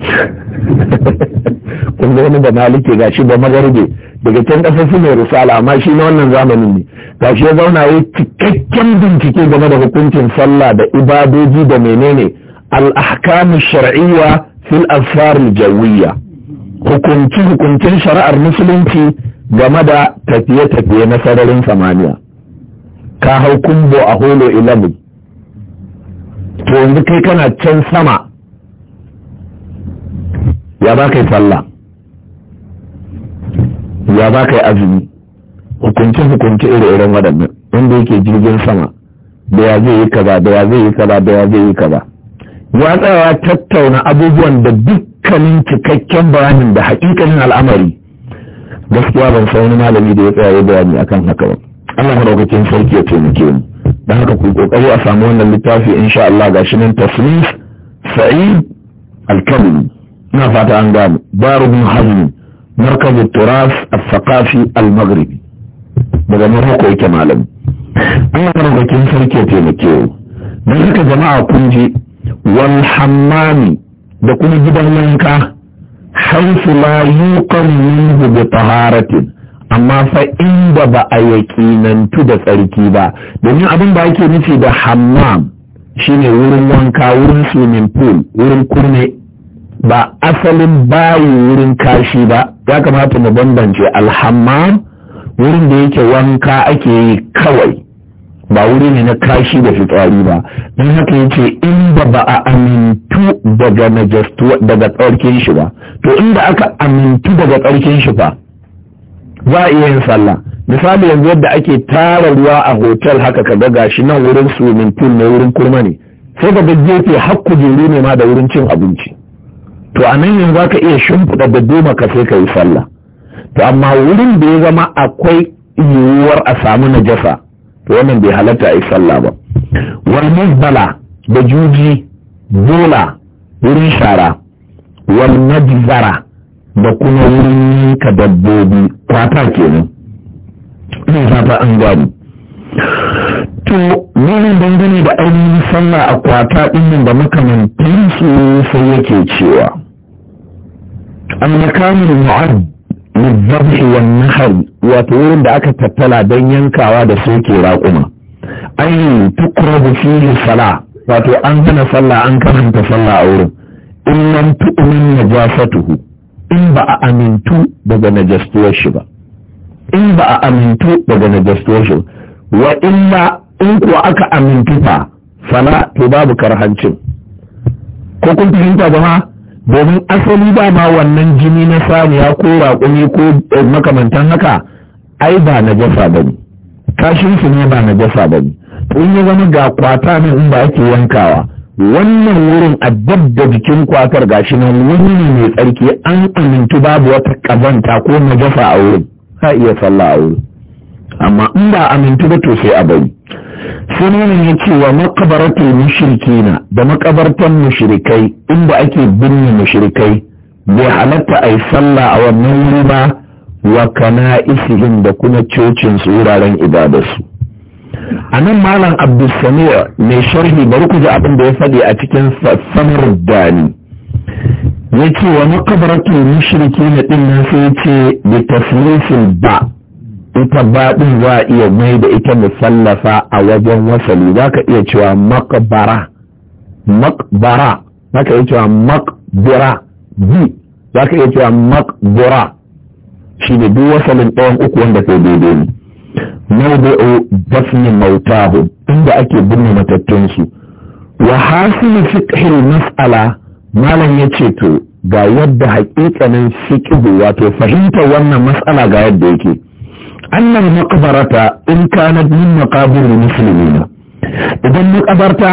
(laughs) kun ga wani da malike ga shi ba magarbe daga can kasar su mai risala amma shi na wannan zamanin ne ga shi ya zauna ya cikakken bincike game da hukuncin sallah da ibadoji da menene al'ahkamu shar'iyya fil asfar jawiyya hukunci hukuncin shari'ar musulunci game da tafiye-tafiye na sararin samaniya ka hau kumbo a holo ilamu to yanzu kai kana can sama ya ba ka yi sallah ya ba kai azumi hukunce hukunce iri iren waɗannan wanda yake jirgin sama da ya zai yi kaza da ya zai yi kaza da ya zai yi kaza ya tsayawa tattauna abubuwan da dukkanin cikakken bayanin da hakikalin al'amari gaskiya ban san wani malami da ya tsaya ya bayani akan haka ba Allah madaukakin sarki ya taimake mu dan haka ku kokari a samu wannan littafi insha Allah gashi nan tasnif sa'id al-kamili na fata an gano daru bin hazmi markazin turas a saqafi al-maghribi daga maroko yake an Allah maraukakin sarki ya taimake don haka jama'a kunji wal hammami da kuma gidan yanka haifu la yuqan minhu bi taharatin amma fa inda ba a yaƙinantu da tsarki ba domin abin da ake nufi da hammam shine wurin wanka wurin swimming pool wurin kurne ba asalin bayi wurin kashi ba ya kamata mu bambance alhammam wurin da yake wanka ake yi kawai ba wuri ne na kashi da fitsari ba don haka ya ce inda ba a amintu daga najastu daga tsarkin shi ba to inda aka amintu daga tsarkin shi ba za a iya yin sallah misali yanzu yadda ake tara ruwa a hotel haka ka ga shi nan wurin swimming pool ne wurin kurma ne sai ga gefe har kujeru ne ma da wurin cin abinci to a nan yanzu ka iya shimfiɗa da doma ka sai ka yi sallah to amma wurin da ya zama akwai yiwuwar a samu najasa to wannan bai halatta a yi sallah ba wal bala da juji bola wurin shara wal majzara da kuma wurin ka dabbobi kwata kenan ne zafa an gwani to wannan dangane da ainihin sallah a kwata ɗinnan da makamantan su sai yake cewa kamun kamar mu'ad lizabhi wa nahar wato wurin da aka tattala don yankawa da soke raƙuma ai tukrabu fihi sala wato an hana sallah an karanta sallah a wurin in lam tu'min najasatuhu in ba a amintu daga najastuwar shi ba in ba a amintu daga najastuwar shi ba wa illa in kuwa aka amintu fa fala to babu karhancin ko kun fahimta ma domin asali ba ma wannan jini na saniya ko raƙumi ko eh, makamantan haka ai ba na jasa ba ne kashin su ne ba na jasa ba ne in ya zama ga kwata ne in ba ake yankawa wannan wurin a dab da jikin kwatar gashi nan wuri ne mai tsarki an amintu babu wata kazanta ko najasa a wurin ha iya sallah a wurin amma in ba amintu ba to sai a bari sunanin ya ce wa makabaratul mushrikina da makabartan mushrikai inda ake binne mushrikai bai halatta a yi sallah a wannan wuri ba wa kana isihim da kuma cocin su wuraren ibadarsu a nan malam abdulsamir mai sharhi bari ku ji abin da ya faɗi a cikin da dani ya ce wa makabaratul mushrikina din na sai ya ce bi taslisil ba ita ba ɗin za a iya mai da ita musallafa a wajen wasali za ka iya cewa makbara makbara za ka iya cewa makbira bi za ka iya cewa makbura shi ne duk wasalin ɗayan uku wanda kai daidai ne mawdu'u dafni mautahu inda ake binne matattunsu wa hasilu fiqhil mas'ala malam yace to ga yadda haƙiƙanin fiqhu wato fahimtar wannan mas'ala ga yadda yake annal maqbarata in kanat min maqabir muslimin idan makabarta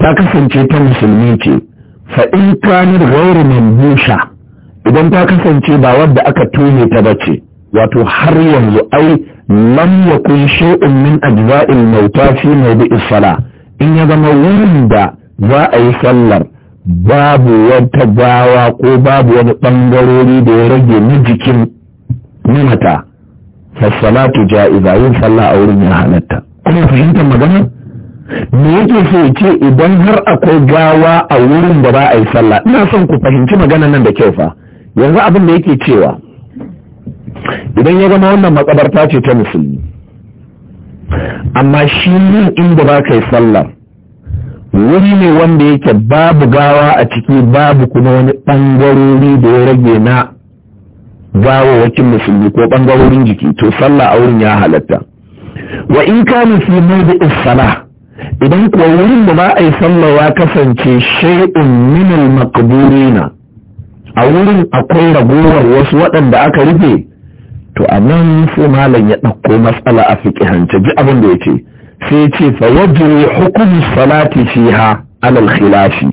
ta kasance ta musulmi ce fa in kanat ghayr mambusha idan ta kasance ba wadda aka tone ta bace wato har yanzu ai lam yakun shay'un min ajza'il mauta fi mawdi'is sala in ya zama wurin da za a yi sallar babu wata gawa ko babu wani bangarori da ya rage na jikin mamata fassalatu ja'iza yin sallah a wurin ya halatta kuma fahimtar magana me yake so ya ce idan har akwai gawa a wurin da ba a yi sallah ina son ku fahimci magana nan da kyau fa yanzu abin da yake cewa idan ya zama wannan makabarta ce ta musulmi amma shi yin inda ba ka yi sallah wuri ne wanda yake babu gawa a ciki babu kuma wani ɓangarori da ya rage na gawawakin musulmi ko bangarorin jiki to sallah a wurin ya halatta wa in kana fi mawdi'is salah idan kuwa wurin da ba a yi sallah ya kasance shay'un min al-maqburina a wurin akwai ragowar wasu waɗanda aka rufe to a nan sai malam ya ɗauko matsala a fiƙihance ji abin da ya ce sai ce fa wajiri hukum salati fiha alal khilafi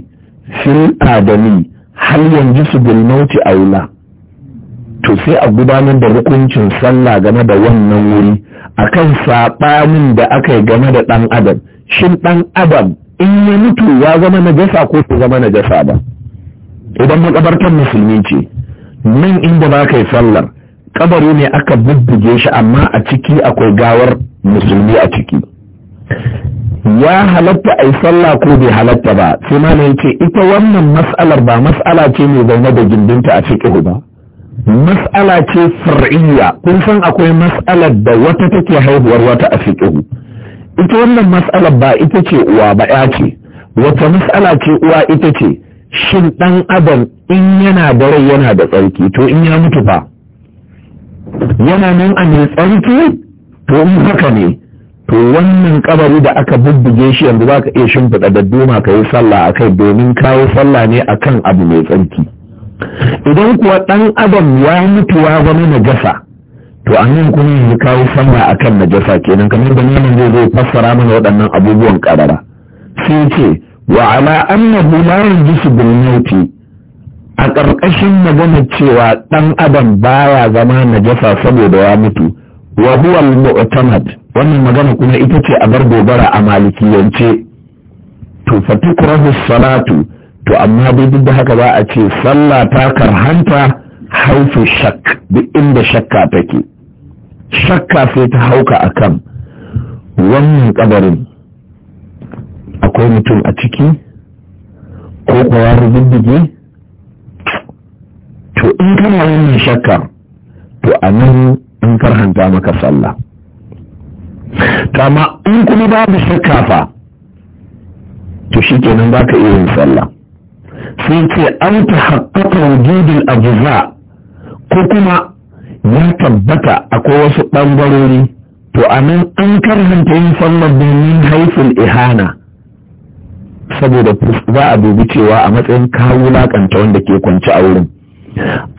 fil adami hal yanzu su bilmauti mauti aula to sai a gudanar da hukuncin sallah game da wannan wuri akan saɓanin da aka yi game da ɗan adam shin ɗan adam in ya mutu ya zama na jasa ko su zama na jasa ba idan makabartar musulmi ce nan inda ba ka yi sallar kabari ne aka bubbuge shi amma a ciki akwai gawar musulmi a ciki ya halatta a yi sallah ko bai halatta ba sai ma ce ita wannan mas'alar ba mas'ala ce mai zaune da gindinta a cikin ba mas'ala ce far'iyya kun san akwai mas'alar da wata take haihuwar wata a fiqhu ita wannan mas'alar ba ita ce uwa ba ya ce wata mas'ala ce uwa ita ce shin ɗan adam in yana da rai yana da tsarki to in ya mutu fa yana nan a mai tsarki to in haka ne to wannan kabari da aka bubbuge shi yanzu za ka iya shimfiɗa da duma ka yi sallah a kai domin kawo sallah ne akan abu mai tsarki idan kuwa ɗan adam ya mutu ya zama najasa to a yi kuma yanzu kawo sama a kan najasa kenan kamar da nan zai zai fassara mana waɗannan abubuwan ƙarara sun ce wa ala annahu la yajisu bil mauti a ƙarƙashin magana cewa ɗan adam baya zama najasa saboda ya mutu wa huwa mutamad wannan magana kuma ita ce a bar gobara a malikiyance to fatukrahu salatu to amma dai duk da haka ba a ce sallah ta karhanta haifu shak duk inda shakka take shakka sai ta hauka akan wannan kabarin akwai mutum a ciki ko kuwa rububige to in kana wannan shakka to a nan in karhanta maka sallah kama in kuma babu shakka fa to shi kenan ba ka iya yin sallah sai ce an ta haƙaƙa wujudin abuza ko kuma ya tabbata akwai wasu ɓangarori to a nan an karhanta yin sallar domin haifin ihana saboda za a dubi cewa a matsayin kawo lakanta wanda ke kwance a wurin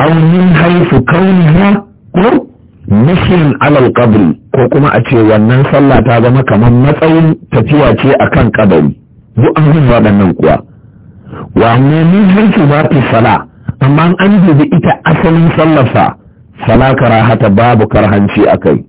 aunin haifu kauniya ko mashin alal kabri ko kuma a ce wannan sallah ta zama kamar matsayin tafiya ce akan ƙabari duk an waɗannan kuwa wa amma min ba fi sala amma an jibi ita asalin sallarsa sala karahata babu karhanci kai.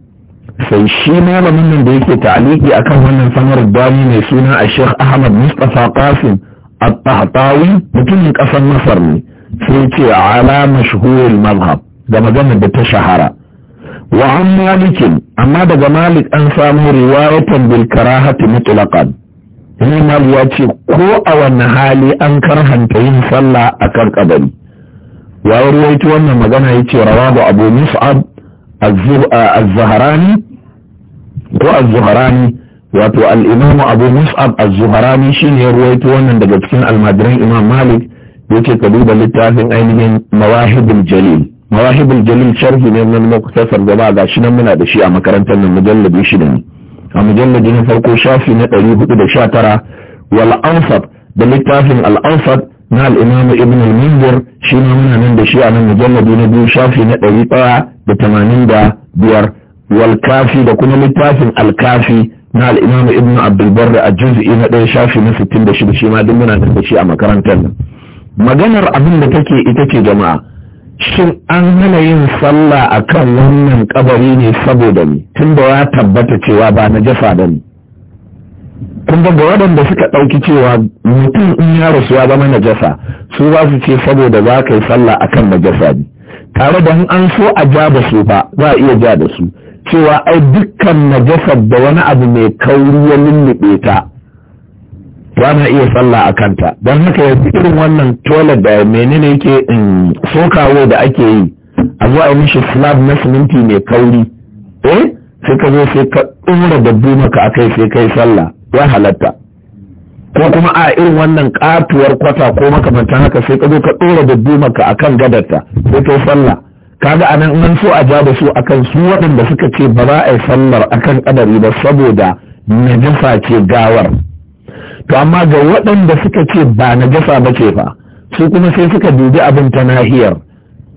sai shi malamin nan da yake ta'aliki akan wannan sanar bani mai suna a Sheikh Ahmad mustapha Qasim at-Tahtawi mutumin kasar Masar ne sai ce ala mashhurul mazhab da magana da ta shahara wa an malikin amma daga malik an samu riwayatan bil karahati mutlaqan imam ya ce ko a wani hali an karhanta yin sallah a kan kabari ya ruwaito wannan magana ya ce rawabu abu mus'ab az-zahrani ko wato al-imam abu mus'ab az-zahrani shine ya ruwaito wannan daga cikin almadiran imam malik yake ka duba littafin ainihin mawahibul jalil mawahibul jalil sharhi ne na muktasar gaba gashi nan muna da shi a makarantar nan mujalladi shida ne a mujalladi na farko shafi na 419 wal ansab da littafin al ansab na al-imam ibn al-munzir shi muna nan da shi a nan mujalladi na biyu shafi na 185 wal kafi da kuma littafin al kafi na al-imam ibn abdul barr a juz'i na ɗaya shafi na 66 shi ma duk muna nan da shi a makarantar nan maganar abin da take ita ce jama'a shin an hana yin sallah a kan wannan kabari ne saboda ni tun da ya tabbata cewa ba na jafa da ni kun ga waɗanda suka ɗauki cewa mutum in ya rasu ya zama na jasa su ba su ce saboda za ka yi sallah a kan na jasa ne tare da an so a ja da su ba za a iya ja da su cewa ai dukkan najasar da wani abu mai kauri ya lulluɓe ta ba na iya sallah a kanta don haka ya fi irin wannan toilet da menene yake in sokawo da ake yi a zo a yi mishi slab na siminti mai kauri eh sai ka zo sai ka ɗora da maka a kai sai kai sallah ya halatta ko kuma a irin wannan katuwar kwata ko makamantan haka sai ka zo ka ɗora da maka a kan gadarta sai yi sallah kaga a nan an so a ja da su kan su waɗanda suka ce ba za a yi sallar kan kadari ba saboda najasa ce gawar to amma ga waɗanda suka ce ba na jasa ba ce fa su kuma sai suka dubi abin ta nahiyar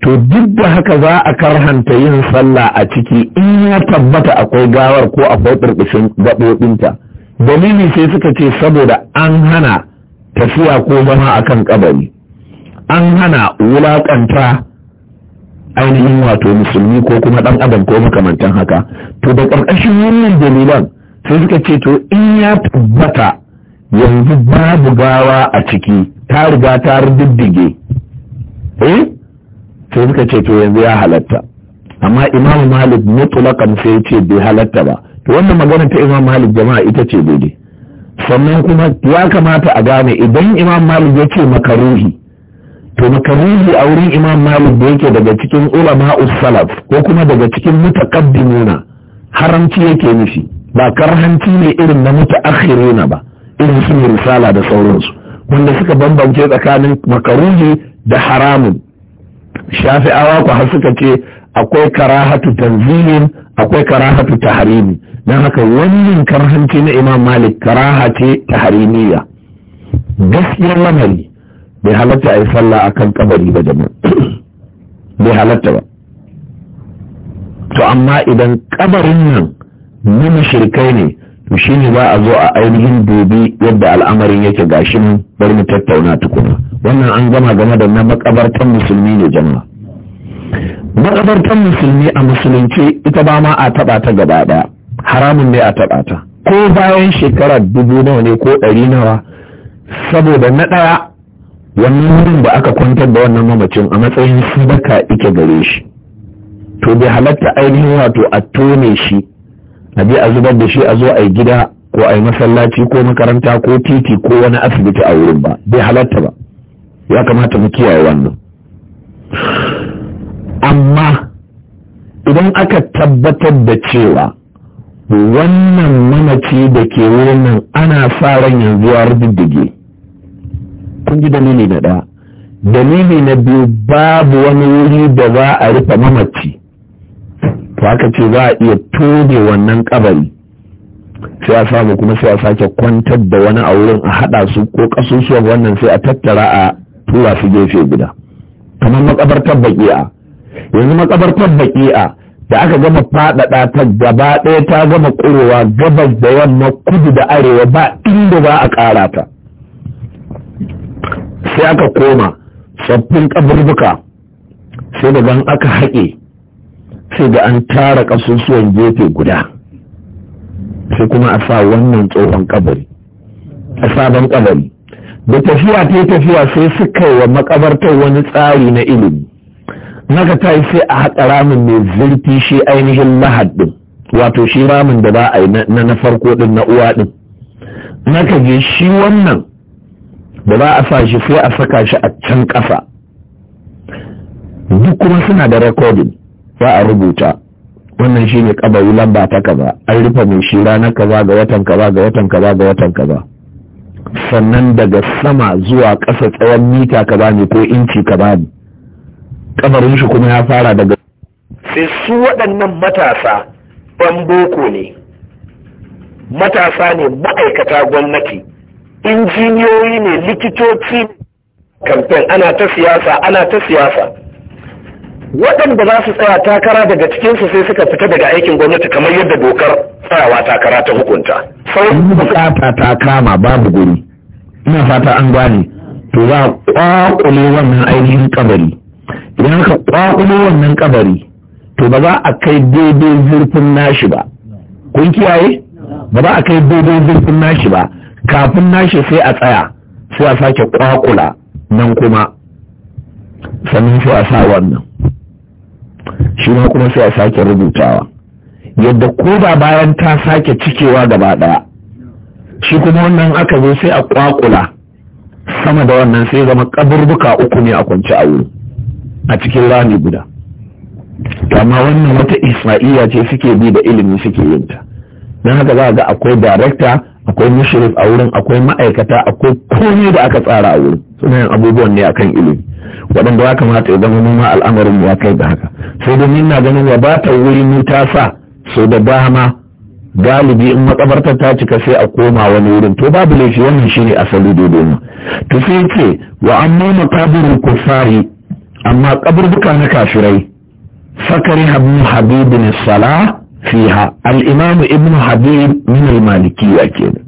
to duk da haka za a karhanta yin sallah a ciki in ya tabbata akwai gawar ko akwai ɓirɓishin gaɓoɓinta dalili sai suka ce saboda an hana tafiya ko zama a kan kabari an hana wulaƙanta ainihin wato musulmi ko kuma ɗan adam ko makamantan haka to da ƙarƙashin wannan dalilan sai suka ce to in ya tabbata yanzu babu gawa a ciki ta riga ta diddige eh sai suka ce to yanzu ya halatta amma imamu malik mutlaqan sai ce bai halatta ba to wannan magana ta imamu malik jama'a ita ce daidai sannan kuma ya kamata a gane idan imam malik ya ce makaruhi to makaruhi a wurin imam malik da yake daga cikin ulama salaf ko kuma daga cikin mutaqaddimuna haramci yake nufi ba karhanci ne irin na mutaakhiruna ba irin su risala da sauransu wanda suka bambance tsakanin makaruni da haramun shafi'awa ku har suka ce akwai karahatu tanzimin akwai karahatu taharimi don haka wannan karhanci na imam malik karaha ce taharimiya gaskiyar lamari bai halatta a yi sallah kan kabari ba jama'a (clears throat) bai halatta ba to amma idan kabarin nan na mashirkai ne to ne za a zo a ainihin dubi yadda al'amarin yake gashin bari mu tattauna tukuna wannan an gama game da na makabartan musulmi ne jama'a makabartan musulmi a musulunci ita ba ma a taba ta gaba daya haramun ne a taba ta ko bayan shekara dubu nawa ne ko ɗari nawa saboda na ɗaya wannan wurin da aka kwantar da wannan mamacin a matsayin sadaka ike gare shi to bai halatta ainihin wato a tone shi a je a zubar da shi a zo a yi gida ko a yi masallaci ko makaranta ko titi ko wani asibiti a wurin ba bai halatta ba ya kamata mu kiyaye wannan amma idan aka tabbatar da cewa wannan mamaci da ke wurin nan ana sa ran yanzu ya rubuddige kun ji dalili na ɗaya dalili na biyu babu wani wuri da za a rufe mamaci to haka ce za a iya toge wannan kabari sai a samu kuma sai a sake kwantar da wani a wurin a haɗa su ko kasusuwan wannan sai a tattara a tura su gefe guda kamar makabartar baki'a yanzu makabartar baki'a da aka gama faɗaɗa ta gaba ɗaya ta gama ƙurowa gabas da yamma kudu da arewa ba inda ba a ƙara ta sai aka koma sabbin ƙaburbuka sai da aka haƙe sai da an tara ƙasusuwan gefe guda sai kuma a sa wannan tsohon kabari a sabon kabari da tafiya ta yi tafiya sai suka yi wa makabartar wani tsari na ilimi naka ta yi sai a haƙa ramin mai zurfi shi ainihin lahad ɗin wato shi ramin da ba a yi na na farko ɗin na uwa ɗin naka je shi wannan da ba a sa shi sai a saka shi a can ƙasa duk kuma suna da rikodin. za a rubuta wannan shi ne kabari lamba ta kaza an rufe mai shi ranar kaza ga watan kaza ga watan kaza ga watan kaza sannan daga sama zuwa ƙasa tsawon mita kaza ne ko inci kaza ne kabarin shi kuma ya fara daga sai su waɗannan matasa ɗan boko ne matasa ne ma'aikata gwamnati injiniyoyi ne likitoci kamfen ana ta siyasa ana ta siyasa waɗanda za su tsaya takara daga cikinsu sai suka fita daga aikin gwamnati kamar yadda dokar tsayawa takara ta hukunta. Sauran bukata ta kama babu guri, ina fata an gane, to za a kwakule wannan ainihin kabari. Idan ka kwakule wannan kabari, to ba za a kai daidai zurfin nashi ba. Kun kiyaye? Ba za a kai daidai zurfin nashi ba, kafin nashi sai a tsaya, sai a sake kwakula nan kuma. Sannan sai a sa wannan. shi ma kuma sai a sake rubutawa yadda ko ba bayan ta sake cikewa gaba ɗaya shi kuma wannan aka zo sai a kwakula sama da wannan sai zama kaburbuka uku ne a kwance a wuri a cikin rami guda amma wannan wata isra'iya ce suke bi da ilimi suke yin ta don haka za a ga akwai darekta akwai mushrik a wurin akwai ma'aikata akwai komai da aka tsara a wurin suna yin abubuwan ne akan ilimi waɗanda ya kamata idan zama ma al'amarin ya kai da haka sai da na ganin bata wuri mu ta sa sau da dama galibi in makabartar ta cika sai a koma wani wurin to babu laifi wannan shine asali daidai ma to sai ce wa amma maqabirul kufari amma kaburbuka na kafirai fakari habu habibin salah فيها الامام ابن حبيب من المالكية كده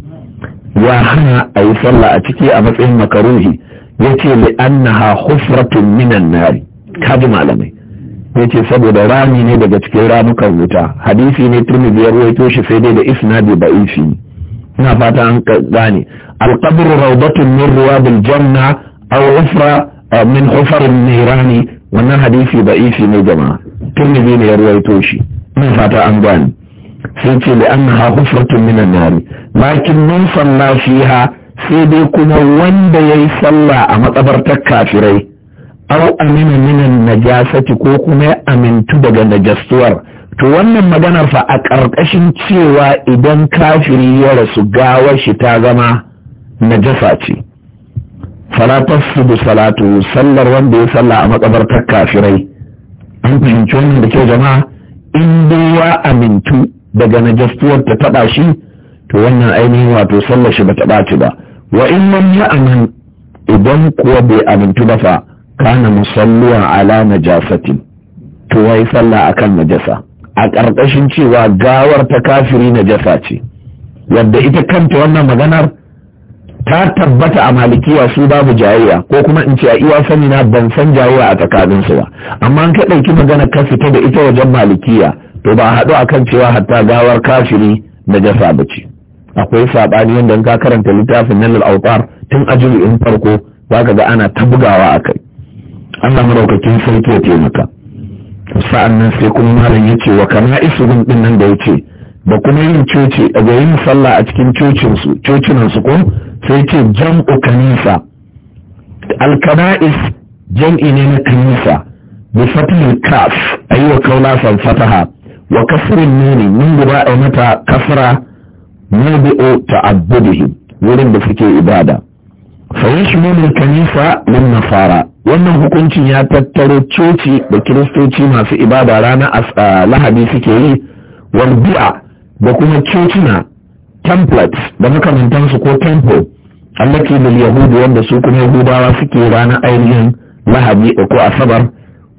حنا اي صلى اتكي في مكروهي يتي لانها خفرة من النار كده معلمي يتي سبو دراني نيدا جتكي رانو كوتا حديثي نترمي بيروي توشي فيدي لإثنا دي بأيسي نا فاتا انك داني القبر روضة من رواب الجنة او غفرة آه، من حفر النيراني وانا حديثي بأيسي نيدا ما ترمي بيروي توشي Mai fata an gani sai ce da an ha hufratun minan nari lakin mun salla ha, sai dai kuma wanda ya yi sallah a matsabartar kafirai au amina minan najasati ko kuma ya amintu daga najastuwar to wannan maganar fa a ƙarƙashin cewa idan kafiri ya rasu gawar shi ta zama najasa ce falatar su da salatu sallar wanda ya salla a matsabartar kafirai an fahimci wannan da kyau jama'a in dai ya amintu daga najastuwar ta taba shi to wannan ainihin wato sallar shi ba ta ɓaci ba wa in man ya amin idan kuwa bai amintu ba fa kana musalluwa ala najasatin to wai sallah akan najasa a ƙarƙashin cewa gawar ta kafiri najasa ce wadda ita kanta wannan maganar ta tabbata a malikiya su babu jayayya ko kuma in ce a iya sani na ban san jayayya a tsakanin su ba amma an ka ɗauki magana ka fita da ita wajen malikiya to ba haɗu akan cewa hatta gawar kafiri na jasa ba ce akwai saɓani wanda ka karanta littafin nan al'autar tun a in farko za ka ga ana ta bugawa a kai Allah maraukakin sarki ya taimaka sa'an nan sai kuma malam ya ce wa kana isugun ɗin nan da ya ce ba kuma yin coci ga yin sallah a cikin cocinsu cocinansu ko sai ce jam'u kanisa alkana'is jam'i ne na kanisa bi fatil kaf ayyuka kauna san fataha wa kasirin nuni min guba a mata bi’o mabi'u ta'abbudihim wurin da suke ibada shi yashmulu kanisa na nasara wannan hukuncin ya tattaro coci da kiristoci masu ibada ranar lahadi suke yi wal bi'a da kuma cocina templates da makamantansu ko temple allaki lil yahudu wanda su kuma yahudawa suke ranar ainihin lahadi da ko asabar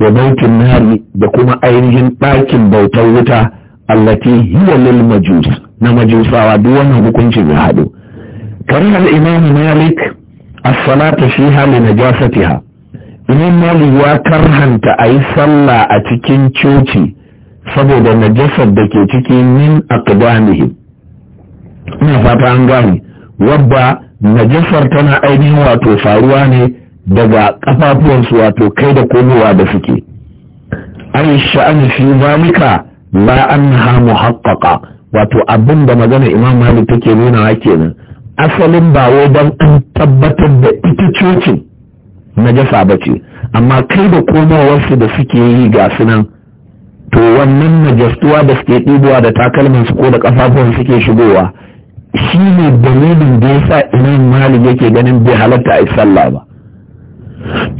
da bautin nari da kuma ainihin ɗakin bautar wuta allati hiya lil majus na majusawa duk wannan hukunci ya haɗu kare al-imam malik as-salatu na li najasatiha imam malik ya karhanta ayi sallah a cikin coci saboda najasar da ke cikin min aqdamihim ina fata an gane wadda najasar tana ainihin wato faruwa ne daga kafafuwansu wato kai da komowa da suke an sha'ani fi zalika la annaha muhaqqaqa wato abin da magana imam malik take nuna kenan asalin ba wai dan an tabbatar da ita cocin najasa ba ce amma kai da komowarsu da suke yi ga nan to wannan najastuwa da suke ɗibowa da takalmansu ko da kafafuwan suke shigowa shi ne dalilin da ya sa imam malik yake ganin bai halatta a yi sallah ba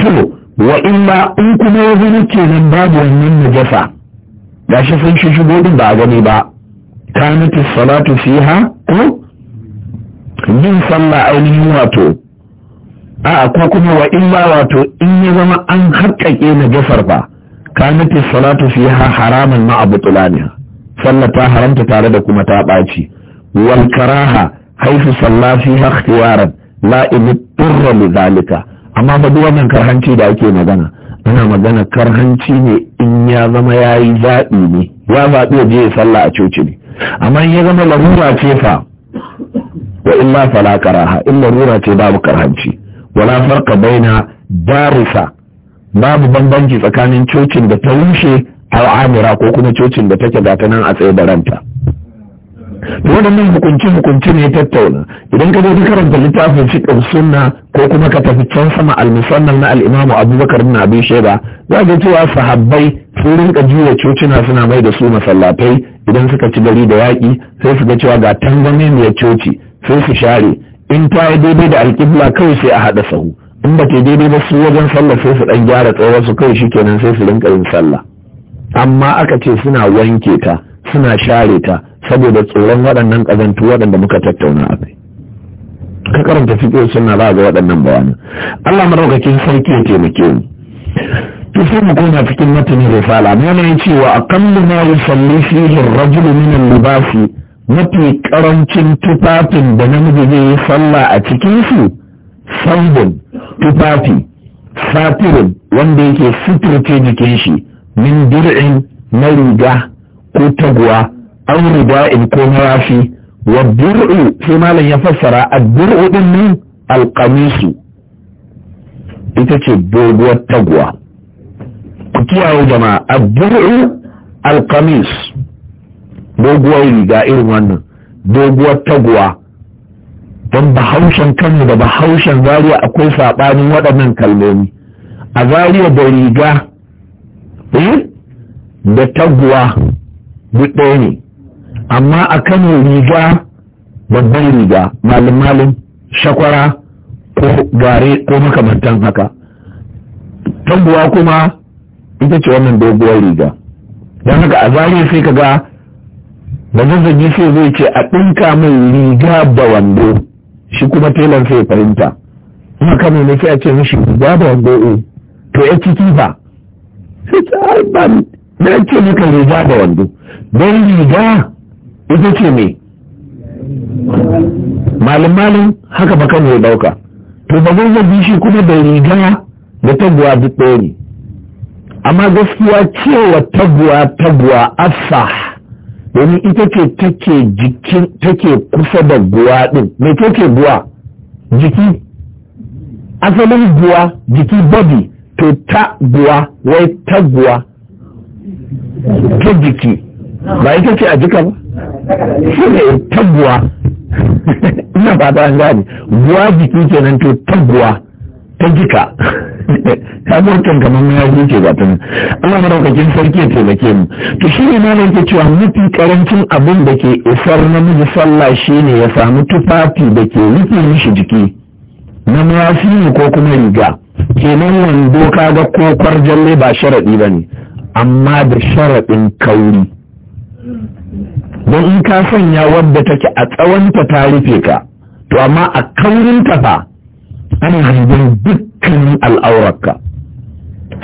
to wa in ba in kuma ya zama kenan babu wannan najasa gashi sun shi shigo din ba a gani ba kanat salatu fiha ko yin sallah ainihin wato a ko kuma wa in ba wato in ya zama an haƙƙaƙe najasar ba kanat salatu fiha haraman ma abu tulaniha sallah ta haramta tare da kuma ta ɓaci wal karaha haifu sallafi ikhtiyaran la in turra li amma ba duk wannan karhanci da ake magana ana magana karhanci ne in ya zama yayi zaɓi ne ya zaɓi je ya sallah a coci ne amma in ya zama larura ce fa wa illa fala karaha in larura ce babu karhanci wala farka baina darisa babu bambanci tsakanin cocin da ta rushe al'amira ko kuma cocin da take gata nan a tsaye da ranta waɗannan hukunci hukunci ne tattauna idan ka je ka karanta littafin fiqh sunna ko kuma ka tafi can sama al na al'imamu Abubakar na Abi shaiba za ga cewa sahabbai sun rinka juya cocina suna mai da su masallatai idan suka ci gari da yaƙi sai su ga cewa ga tangame mai coci sai su share in ta yi daidai da alƙibla kawai sai a haɗa sahu in ba ta daidai ba su wajen sallah sai su ɗan gyara tsawon su kawai shikenan sai su rinka yin sallah amma aka ce suna wanke ta suna share ta saboda tsoron waɗannan ƙazantu waɗanda muka tattauna a kai ka karanta fiƙo suna za ga waɗannan bayanan Allah madaukakin sarki ya taimake mu to sai mu koma cikin matanin risala mana ya cewa a aqallu ma yusalli fihi ar-rajulu min al-libasi mafi karancin tufafin da namiji zai yi sallah a cikin su tufafi satirin wanda yake suturce jikin shi min dir'in na riga ko taguwa an in ko marashi wa bur'u sai malam ya fassara a bur'u din nan al-qamisu ita ce doguwar taguwa ku kiyaye jama'a a bur'u al-qamis doguwar riga irin wannan doguwar taguwa don bahaushen kanmu da bahaushen zariya akwai saɓanin waɗannan kalmomi a zariya da riga eh, da taguwa duk ɗaya ne amma a kano riga babban riga malin malin shakwara ko gare ko makamantan haka tambuwa kuma ita ce wannan doguwar riga don haka a zari sai ka ga bazazzagi sai zai ce a ɗinka mai riga da wando shi kuma telan sai fahimta kuma kano ne sai a ce mishi riga da wando eh, to ya ciki ba sai ta ba dan ce muka riga da wando don riga ita ce mai malin malin haka baka ya dauka to ba zai zabi shi kuma da riga da taguwa duk ɗaya ne amma gaskiya cewa taguwa taguwa asa domin ita ce take jikin take kusa da guwa ɗin me guwa jiki asalin guwa jiki body to ta guwa wai taguwa ta jiki ba ita ce a jika ba shi ne tabbuwa. (laughs) ina ba ta an gani buwa jiki kenan to tabbuwa ta jika (laughs) ta burkan kamar mayaji ce ba ana Allah maraukakin sarki ya taimake mu to shi ne malam ke cewa mafi karancin abin da ke isar namiji sallah shi ne ya samu tufafi da ke rufe mishi jiki na mayafi ne ko kuma riga kenan wando ga kokwar jalle ba sharaɗi ba ne amma da sharaɗin kauri don in ka sanya wadda take a tsawonta ta rufe ka to amma a kaurinta fa ana hangen dukkanin al'aurarka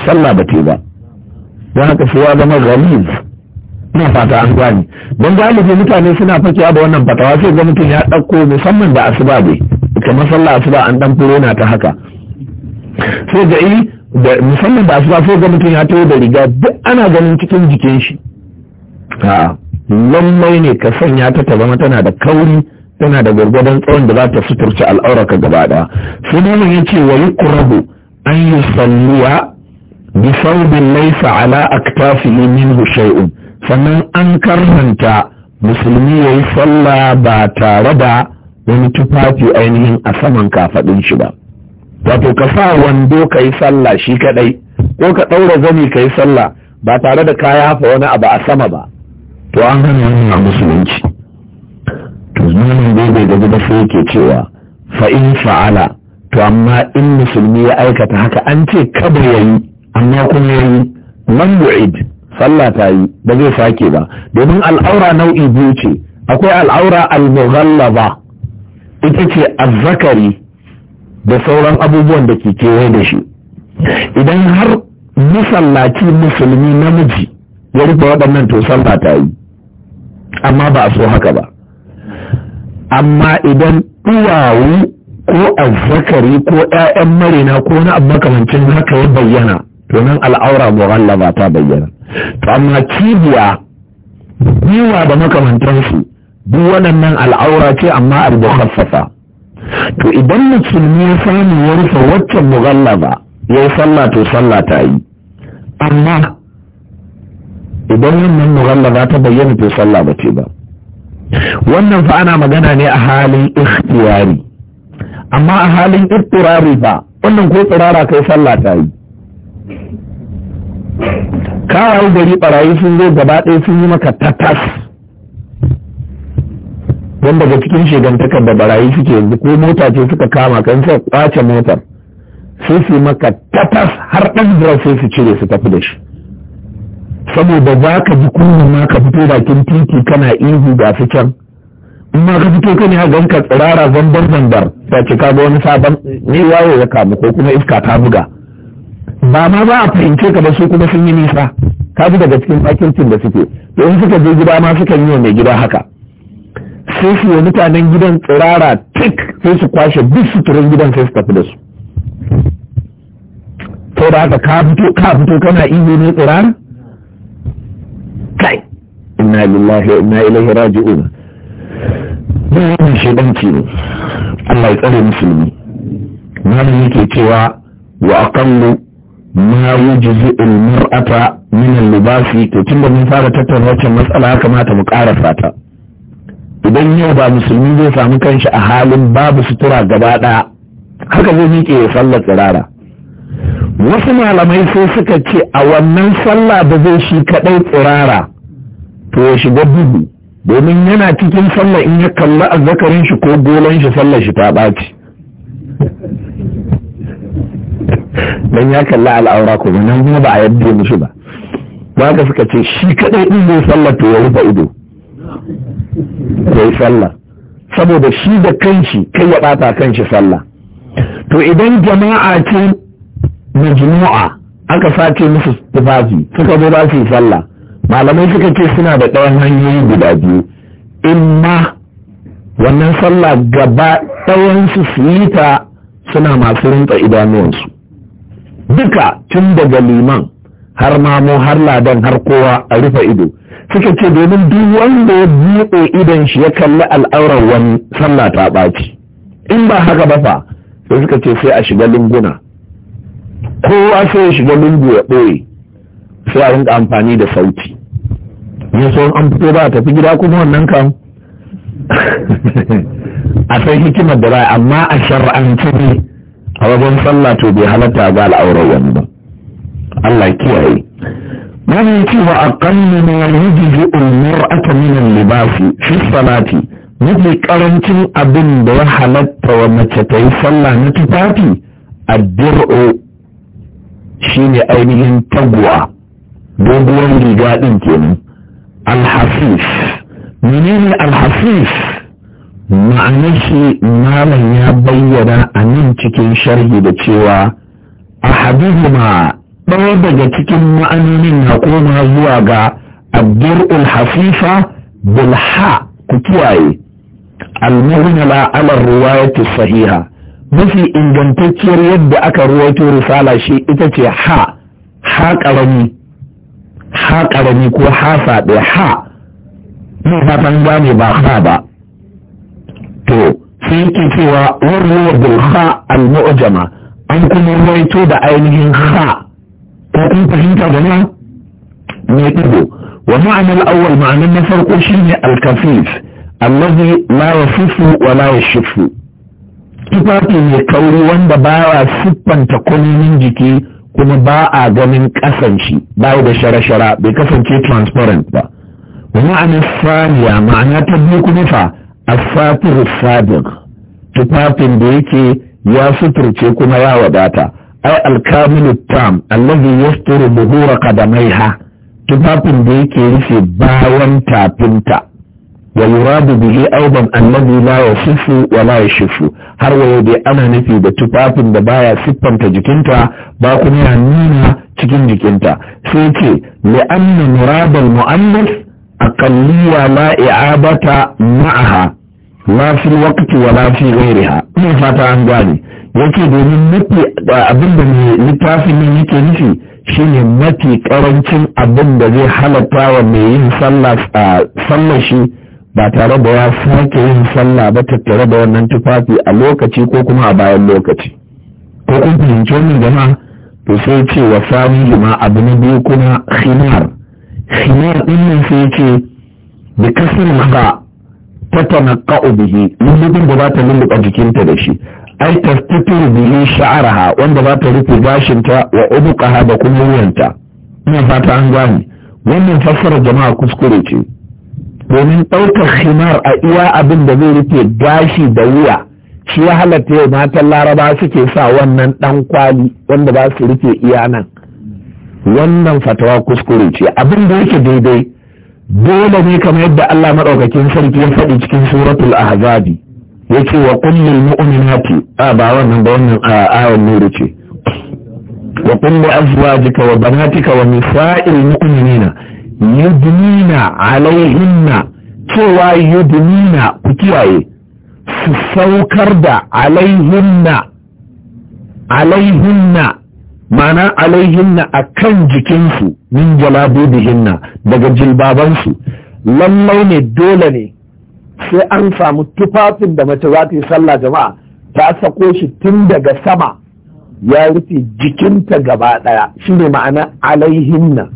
sallah ba te ba don haka sai ya zama ghaliz ina fata an gani don galibi mutane suna fakewa da wannan fatawa sai ga mutum ya ɗauko musamman da asuba ne kamar sallah asuba an ɗan furo na ta haka sai ga yi eh, da musamman su ba sai ga mutum ya taho da riga duk ana ganin cikin jikin shi a lammai ne ka sanya ta ta zama tana da kauri tana da gwargwadon tsawon da za ta suturci al'auraka gaba daya sai noman ya ce wa yukrahu an yi salluwa bi saubin laisa ala aktafihi minhu shay'un sannan an karnanta musulmi ya yi sallah ba tare da wani tufafi ainihin a saman kafaɗin shi ba wato ka sa wando ka yi sallah shi kaɗai ko ka ɗaura zani ka yi sallah ba tare da kaya hafa wani abu a sama ba to an hana wannan a musulunci to malam gobe da gaba sai yake cewa fa in fa'ala to amma in musulmi ya aikata haka an ce kaba ya yi amma kuma ya yi man bu'id sallah ta yi ba zai sake ba domin al'aura nau'i biyu ce akwai al'aura al-mughallaba ita ce azzakari da sauran abubuwan da ke kewaye da shi idan har masallaci musulmi namiji ya rufe waɗannan to sallah ta yi amma ba a so haka ba amma idan duwawu ko azzakari ko 'ya'yan marina ko na abu makamancin haka ya bayyana to nan al'aura mughallaba ta bayyana to amma cibiya gwiwa da makamantansu duk waɗannan al'aura ce amma al-mukhaffafa to idan musulmi ya samu ya rufe waccan ba ya yi sallah to sallah ta yi amma idan wannan za ta bayyana to sallah ba ce ba wannan fa ana magana ne a halin ikhtiyari amma a halin ikhtirari ba wannan ko tsirara kai sallah ta yi kawai gari barayi sun zo gaba ɗaya sun yi maka tatas don daga cikin shigantakar da barayi suke yanzu ko mota ce suka kama kan sai kwace motar sai su maka tatas har ɗan zuwa sai su cire su tafi da shi saboda za ka ji kullum ma ka fito bakin titi kana ihu ga su can in ma ka fito kan a ganka tsirara zambar zambar ta ce ka ga wani sabon ne yawo ya kamu ko kuma iska ta buga ba ma za a fahimce ka ba su kuma sun yi nisa ka ji daga cikin bakin da suke to suka je gida ma sukan yi wa mai gida haka sai su yi mutanen gidan tsirara tik sai su kwashe duk suturin gidan sai su tafi da su to da haka ka fito ka fito kana ihu ne tsirara kai inna lillahi wa inna ilaihi raji'un wannan shedanci ne Allah ya tsare musulmi malam yake cewa wa aqallu ma yujzi al mar'ata min al libasi to tunda mun fara tattauna wannan matsala kamata mu ƙara fata idan yau ba musulmi zai samu kanshi a halin babu sutura gaba ɗaya haka zai miƙe ya sallar tsirara wasu malamai sai suka ce a wannan sallah da zai shi kaɗai tsirara to ya shiga bugu domin yana cikin sallah in ya kalli azzakarin shi ko golon shi sallar shi ta ɓaci (laughs) dan ya kalli al'aura ko nan kuma ba a yadda musu ba ba ka suka ce shi kaɗai ɗin zai sallar to ya rufe ido ya yi sallah saboda shi da kanshi kai ya ɓata kanshi sallah to idan jama'a ce majmu'a aka sace musu tufafi suka zo ba su yi sallah malamai suka ce suna da ɗayan hanyoyi guda biyu in ma wannan sallah gaba ɗayansu su suna masu rinta idanuwansu duka tun daga liman har mamo har ladan har kowa a rufe ido suka ce domin duk wanda ya buɗe idon shi ya kalli al'aurar wani sallah ta ɓaci in ba haka ba fa sai suka ce sai a shiga lunguna kowa sai ya shiga lungu ya ɓoye sai a rinka amfani da sauti ne so an fito ba a tafi gida kuma wannan kan (laughs) a sai hikimar da ba amma a shar'anci ne a wajen sallah to bai halatta ga al'aurar wani ba Allah kiyaye wani cewa a ƙanni ne wani yiji umar aka minan libasi fi salati mafi ƙarancin abin da ya halatta wa mace ta yi sallah na tufafi a dir'o shi ne ainihin taguwa doguwar riga ɗin kenan alhafif menene alhafif ma'anar shi malam ya bayyana a nan cikin sharhi da cewa a ɗaya daga cikin ma'anonin na koma zuwa ga abdur'ul hafifa bulha ku kiyaye almuhmala ala riwayati sahiha mafi ingantacciyar yadda aka ruwaito risala shi ita ce ha ha karami ha karami ko ha faɗe ha ne fatan gane ba ha ba to sai yake cewa wa bulha almujama an kuma ruwaito da ainihin ha ko kun da jama'a mai ɗigo wa ma'anar awwal ma'anar na farko shine alkafif allazi la fufu wa la yashifu tufafi mai kauri wanda baya siffanta kullun jiki kuma ba a ganin kasance shi ba da shara-shara bai kasance transparent ba wa ma'anar saniya ma'ana ta biyu kuma fa asatir sadiq tufafin da yake ya suturce kuma ya wadata ai alkamilu tam allazi yasturu buhura qadamaiha tufafin da yake rufe bayan tafinta wa yuradu bihi aidan allazi la yasifu wa la yashifu har wayo dai ana nufi da tufafin da baya siffanta jikinta ba kuma ya nuna cikin jikinta sai ce li'anna muradal mu'annas aqalliya la i'abata ma'aha la fi waqti wa la fi ghayriha ina fata an gane yake domin mafi abin da mai littafin nan yake nufi shine mafi karancin abin da zai halatta wa mai yin sallar shi ba tare da ya sake yin sallah ba tattare da wannan tufafi a lokaci ko kuma a bayan lokaci ko kun fahimci wannan jama'a to sai ce wa sami jima abu na biyu kuma khimar khimar din nan sai ce bi kasar ta tatanaqqa'u bihi lullubin da za ta a jikinta da shi ai tastitur bihi sha'araha wanda za ta rufe gashinta wa ubuqaha da kuma wuyanta ina fata an gane wannan fassara jama'a kuskure ce domin ɗaukar himar a iya abin da zai rufe gashi da wuya shi ya halatta yau matan laraba suke sa wannan ɗan kwali wanda ba su rufe iya nan wannan fatawa kuskure ce abin da yake daidai dole ne kamar yadda Allah maɗaukakin sarki ya faɗi cikin suratul ahzabi yace wa kullul mu'minati a ba wannan ba wannan ayan nuru ce wa kullu azwajika wa banatika wa nisa'il mu'minina yudnina alaihinna cewa yudnina ku kiyaye su saukar da alaihinna alaihinna mana alaihinna a kan jikinsu min jalabubihinna daga jilbabansu lallai ne dole ne sai an samu tufafin da mace za ta yi sallah jama'a ta sako shi tun daga sama ya rufe jikinta gaba ɗaya ne ma'ana alaihinna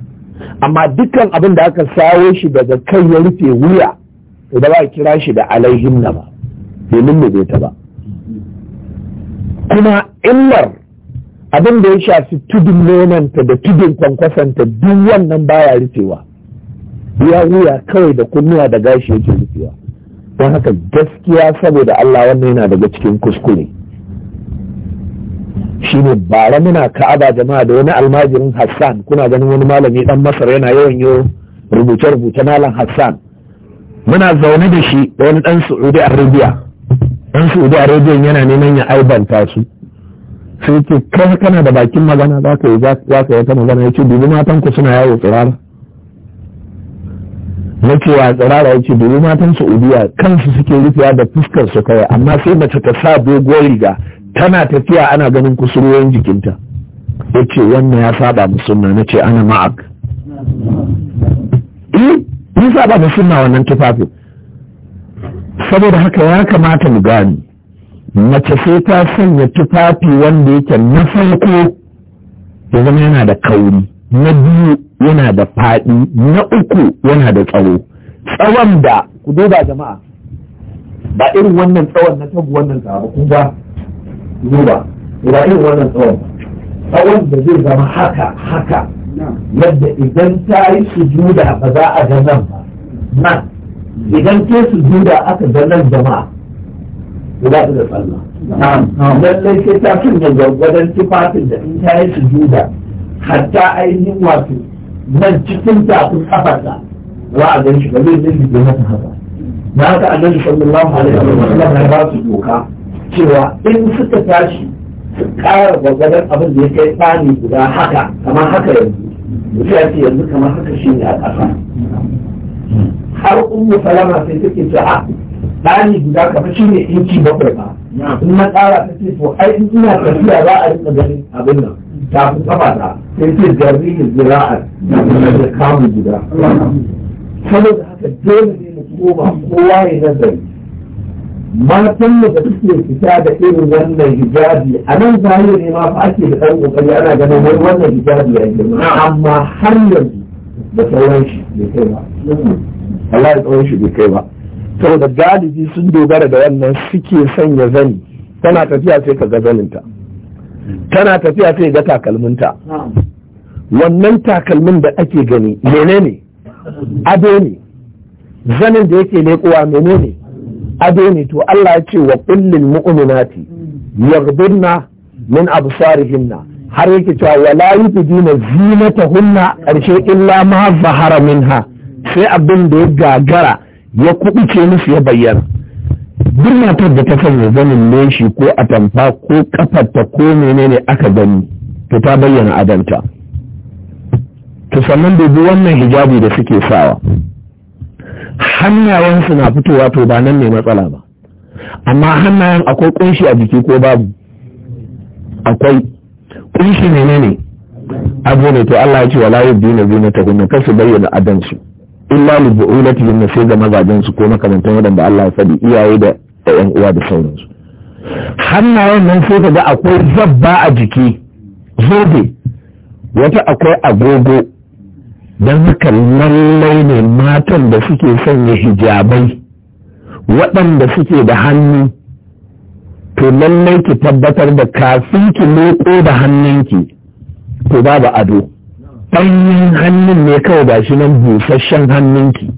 amma dukkan abin da aka sawo shi daga kai ya rufe wuya to ba a kira shi da alaihinna ba bai ta ba kuma illar abin da ya shafi tudun nonanta da tudun kwankwasanta duk wannan baya rufewa ya wuya kawai da kunnuwa da gashi yake rufewa don haka gaskiya saboda Allah wannan yana daga cikin kuskure Shi shine bara muna ka'aba jama'a da wani almajirin Hassan kuna ganin wani malami dan Masar yana yawan yo rubuce-rubuce malam Hassan muna zaune da shi da wani dan Saudi Arabia dan Saudi Arabia yana neman ya aibanta su sai ce kai kana da bakin magana za ka yi za ka yi ta magana ya ce dubi matanku suna yawo tsirara na cewa tsirara ya ce domin matan saudiya kansu suke rufewa da fuskar su kawai amma sai mace ta sa doguwar riga tana tafiya ana ganin kusurwoyin jikinta ya ce wannan ya saba mu sunna na ce ana ma'ak eh, ya saba mu sunna wannan tufafin saboda haka ya kamata mu gani mace sai ta sanya tufafi wanda yake na farko ya zama yana da kauri na biyu yana da faɗi na uku yana da tsawo tsawon da ku duba jama'a ba irin wannan tsawon na tagu wannan tsawon kun ba duba ba irin wannan tsawon tsawon da zai zama haka haka yadda idan ta yi sujuda ba za a ga nan ba nan idan ta sujuda aka ga nan jama'a ku ba da tsalla lallai sai ta fi da gwargwadon tufafin da in ta yi sujuda hatta ainihin wato nan cikin tafin kafarsa wa a gan shi ba zai zai zai masa haka na haka annabi sallallahu alaihi wa sallam ya ba su doka cewa in suka tashi su ƙara gwagwadar abin da ya kai tsani guda haka kamar haka yanzu mutu ya yanzu kamar haka shi ne a ƙasa har umu salama sai suke ce a ah, ɗani guda kamar shi ne inci bakwai ba in na ƙara ta ce to ai ina tafiya za a yi ganin abin nan ta fi kabata sai ce jarri da zira'a da kamun gida saboda haka dole ne mu koma kowa ya nazari matan da suke fita da irin wannan hijabi a nan zahiri ne ma fa ake da ɗan ƙoƙari ana ganin wai wannan hijabi ya girma amma har yanzu da sauran shi bai kai ba Allah ya tsawon shi bai kai ba saboda galibi sun dogara da wannan suke sanya zani tana tafiya sai ka ga zaninta tana tafiya sai ga takalminta wannan takalmin da ake gani mene ne? ado ne Zanen da yake leƙowa menene ado ne to Allah ya ce wa kullil mu'minati yaghdudna min absarihinna har yake cewa wala yubdina zinatahunna karshe illa ma zahara minha sai abin da ya gagara ya kubuce musu ya bayyana duk matar da ta sanya zanin leshi ko atamfa ko kafarta ko menene aka gani to ta bayyana adanta to sannan bi wannan hijabi da suke sawa hannayensu na fitowa to ba nan ne matsala ba amma hannayen akwai kunshi a jiki ko babu akwai kunshi menene abu ne to Allah ya ce wala yubdina zinatahunna kasu bayyana adansu illa li bu'ulati na sai ga mazajen su ko makamantan wadanda Allah ya faɗi iyaye da da yan uwa da sauransu hannayen nan sai ga akwai zabba a jiki zobe wata akwai agogo don haka lallai ne matan da suke sanya hijabai waɗanda suke da hannu to lallai ki tabbatar da kafin ki loko da hannunki to babu ado ɗanyen hannun ne kawai ba shi nan busasshen hannunki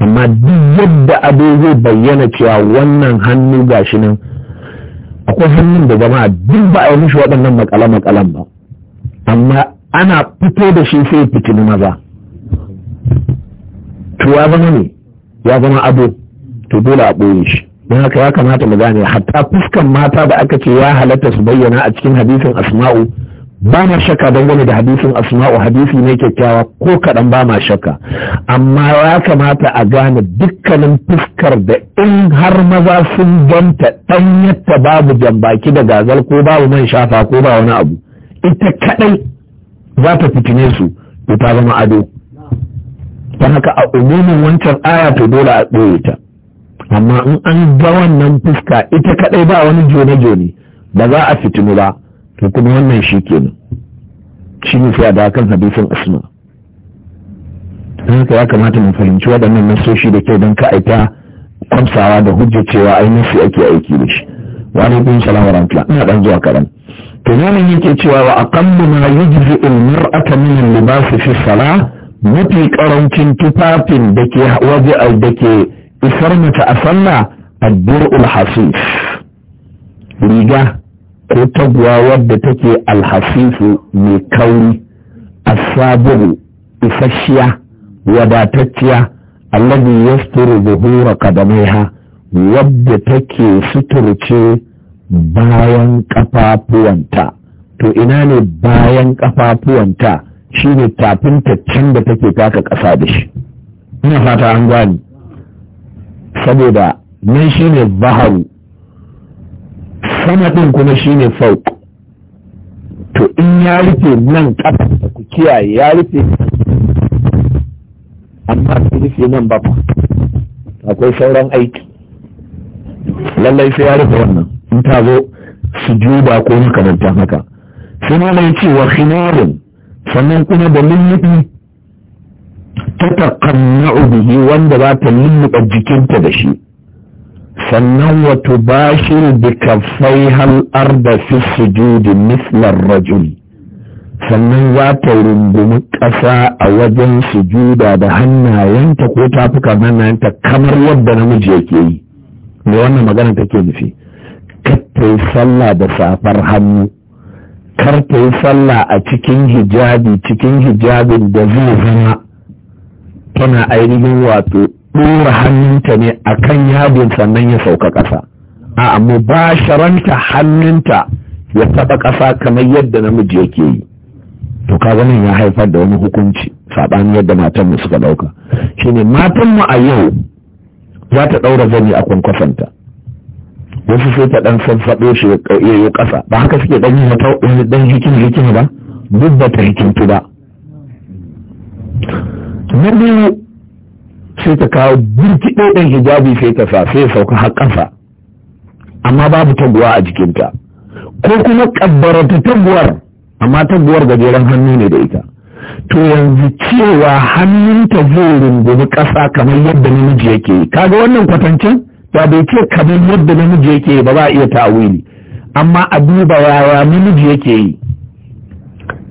amma duk yadda ado zai bayyana cewa wannan hannu ga shi nan akwai hannun da jama'a duk ba a yi mishi waɗannan makala-makalan ba amma ana fito da shi sai fitini maza to ya zama ne ya zama ado to dole a ɓoye shi don haka ya kamata mu gane hatta fuskan mata da aka ce ya halatta su bayyana a cikin hadisin asma'u ba ma shakka dangane da hadisin asma'u hadisi ne kyakkyawa ko kaɗan ba ma shakka amma ya kamata a gane dukkanin fuskar da in har maza sun ganta ɗan yadda babu jambaki da gazal ko babu man shafa ko ba wani abu ita kaɗai za ta fitine su to ta zama ado ta haka a umumin wancan aya to dole a ɗoye ta amma in an ga wannan fuska ita kaɗai ba wani jone-jone ba za a fitinu ba to kuma wannan shi kenan shi ne sai a da kan hadisin asma haka ya kamata mu fahimci waɗannan nasoshi da kyau don ka'aita kwamsawa da hujja cewa ai nasi ake aiki da shi wa alaikum salam wa rahmatullah ina dan zuwa karan to nan yake cewa wa aqallu ma yujzi al mar'ata min al libas fi salah mafi karancin tufafin da ke waje da ke isar mata a sallah ad-dur'ul hasif riga ko taguwa wadda take alhasisu mai kauri a asaburu isasshiya wadatacciya allazi yasturu zuhura kadamaiha wadda take suturce bayan kafafuwanta to ina ne bayan kafafuwanta shi ne tafinta can da take kaka ƙasa da shi ina fata an gani saboda nan shi ne baharu sama ɗin kuma shine fauk to in ya rufe nan ƙasa da ku kiyaye ya rufe amma su rufe nan ba fa akwai sauran aiki lallai sai ya rufe wannan in ta zo su juba ko makamantan haka sai ma mai cewa khinarin sannan kuma da lullubi ta taƙanna'u bihi wanda za ta lulluɓa jikinta da shi sannan wato bashin da kafai hal arda fi sujudi mislar rajul sannan za ta rungumi ƙasa a wajen sujuda da hannayenta ko tafukan hannayenta kamar yadda namiji yake yi mai wannan magana take nufi kar yi sallah da safar hannu kar yi sallah a cikin hijabi cikin hijabin da zai zama tana ainihin wato ɗora hannunta ne a kan yadin sannan ya sauka ƙasa a mubasharanta hannunta ya taɓa ƙasa kamar yadda namiji yake yi to kaga nan ya haifar da wani hukunci saɓanin yadda matanmu suka ɗauka shine matanmu a yau za ta ɗaura zani a kwankwasanta wasu sai ta ɗan faɗo shi ya yi ƙasa ba haka suke ɗan yi wani ɗan hikin hikin ba duk ba ta hikimtu ba na biyu sai ta kawo burki ɗan hijabi sai ta sa sai sauka har ƙasa amma babu taguwa a jikinta ko kuma ƙabbarata taguwar amma taguwar gajeren hannu ne da ita to yanzu cewa hannunta zai rungumi ƙasa kamar yadda namiji yake yi kaga wannan kwatancin da bai ce kamar yadda namiji yake yi ba za a iya tawili amma a duba yaya namiji yake yi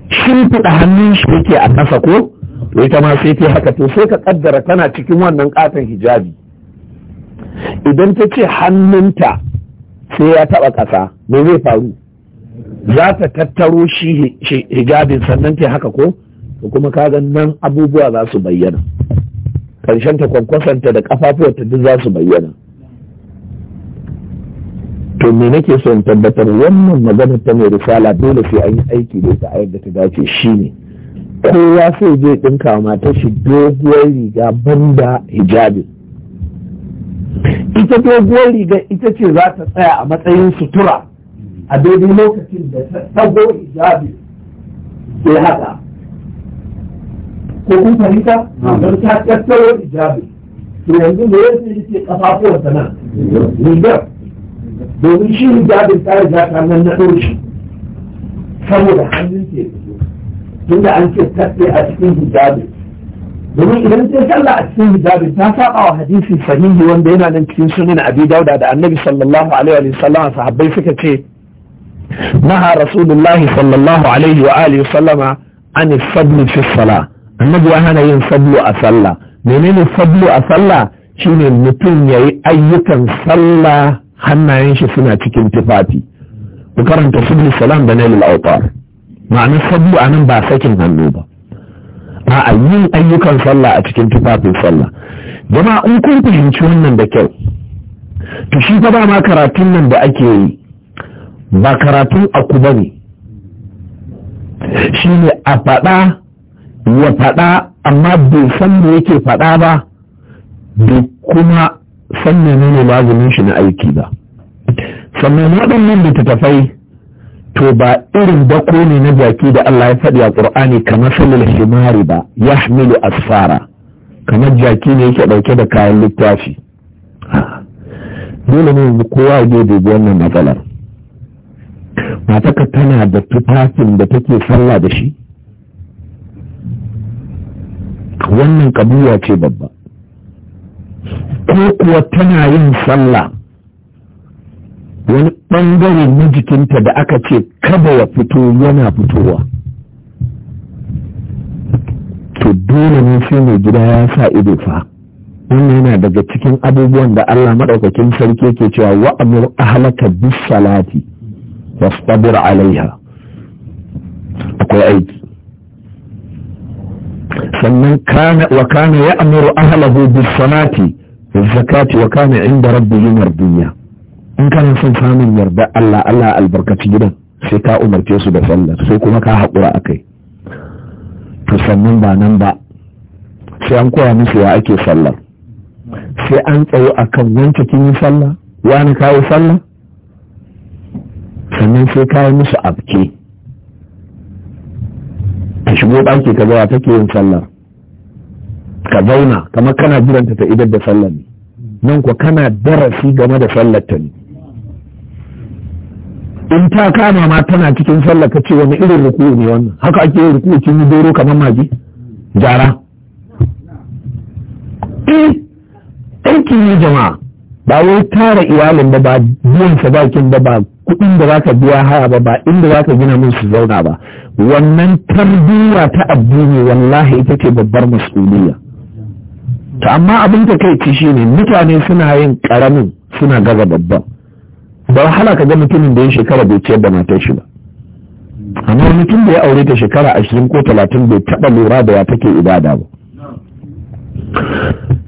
shimfiɗa hannun shi yake a ƙasa ko to ita ma sai ta haka to sai ka kaddara tana cikin wannan katon hijabi idan ta ce hannunta sai ya taba kasa me zai faru za ta tattaro shi hijabin sannan ta haka ko to kuma ka nan abubuwa za su bayyana karshen ta kwankwasanta da ta duk za su bayyana to me nake so son tabbatar wannan magana ta mai risala dole sai an yi aiki da ita a yadda ta dace shine kowa sai je ɗinka matar shi doguwar riga banda hijabi ita doguwar riga ita ce za ta tsaya a matsayin sutura a daidai lokacin da ta go hijabi sai haka ko kun fahimta don ta tattaro hijabi to yanzu da yadda yake kafafuwar nan rigar domin shi hijabin ta riga ta nan na ɗauki saboda hannun ke. tunda an ce tafi a cikin hijabi domin idan sai sallah a cikin hijabi ta saba wa hadisi sahihi wanda yana nan cikin sunan abi dauda da annabi sallallahu alaihi wa sallam sahabbai suka ce naha rasulullahi sallallahu alaihi wa alihi sallama an fadl fi salah annabi ya hana yin fadlu a sallah menene fadlu a sallah shine mutum yayi ayyukan sallah hannayen shi suna cikin tufafi ku karanta subul salam da nailul awtar Ma'ana sabu a nan ba sakin hannu ba a yin ayyukan sallah a cikin tufafin sallah jama'a in kun fahimci wannan da kyau to shi fa ba ma karatun nan da ake yi ba karatun aku ba ne shi ne a faɗa ya faɗa amma bai san me yake faɗa ba da kuma san menene maganin shi na aiki ba sannan waɗannan littattafai to ba irin bako ne na jaki da Allah ya faɗi a Qur'ani kamar salil himari ba yahmilu asfara kamar jaki ne yake ɗauke da kayan littafi dole ne yanzu kowa ya da wannan matsalar mataka tana da tufafin da take sallah da shi wannan kabuwa ce babba ko kuwa tana yin sallah wani ɓangare na jikinta da aka ce kada ya fito yana fitowa to dole ne sai mai gida ya sa ido fa wannan yana daga cikin abubuwan da Allah maɗaukakin sarki yake cewa wa'amur ahlaka bis salati wastabir alaiha akwai aiki sannan kana wa kana ya'muru ahlahu bis salati zakati wa kana inda rabbihi mardiya in kana son samun yarda Allah Allah albarkaci gidan sai ka umarce su da sallar sai kuma ka haƙura a kai to sannan ba nan ba sai an koya musu ya ake sallar sai an tsawo a kan wancan kin yi sallah na kawo sallah sannan sai kawo musu abke ta shigo ɗaki ka zawa take yin sallar ka zauna kamar kana jiranta ta idar da sallar ne nan kuwa kana darasi game da sallar ta ne in ta kama ma tana cikin sallah ka ce wani irin ruku ne wannan haka ake yin ruku'u kin yi doro kamar magi jara eh aiki ne jama'a ba wai tara iyalin ba ba biyan sadakin ba ba kuɗin da zaka biya haya ba ba inda zaka gina min su zauna ba wannan tarbiyya ta addini wallahi ita ce babbar mas'uliyya to amma abin da kai ci shine mutane suna yin karamin suna gaza babban ba wahala ka ga mutumin da ya shekara bai ciyar da matar shi ba amma mutum da ya aure ta shekara ashirin ko talatin bai taɓa lura da ya take ibada ba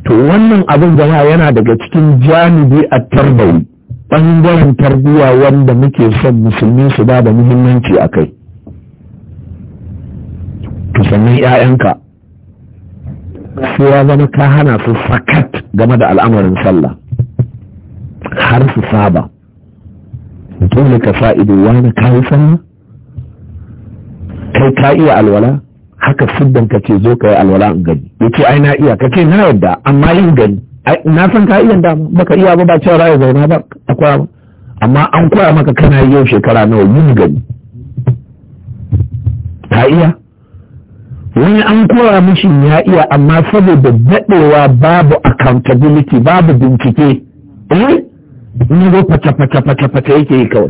to wannan abin zama yana daga cikin janibi a tarbawi ɓangaren tarbiyya wanda muke son musulmi su ba da muhimmanci a kai to sannan 'ya'yanka sai ya zama ka hana su sakat game da al'amarin sallah har su saba dole ka sa ido wani kayi sallah kai ka iya alwala haka siddan ka ce zo ka yi alwala in gani ya ce ai na iya ka ce na yadda amma yin gani na san ka iya dama baka iya ba ba cewa raya zauna ba a koya ba amma an koya maka kana yi yau shekara nawa yin gani ka iya wani an koya mishi ya iya amma saboda daɗewa babu accountability babu bincike eh ne zo fata fata fata yake yi kawai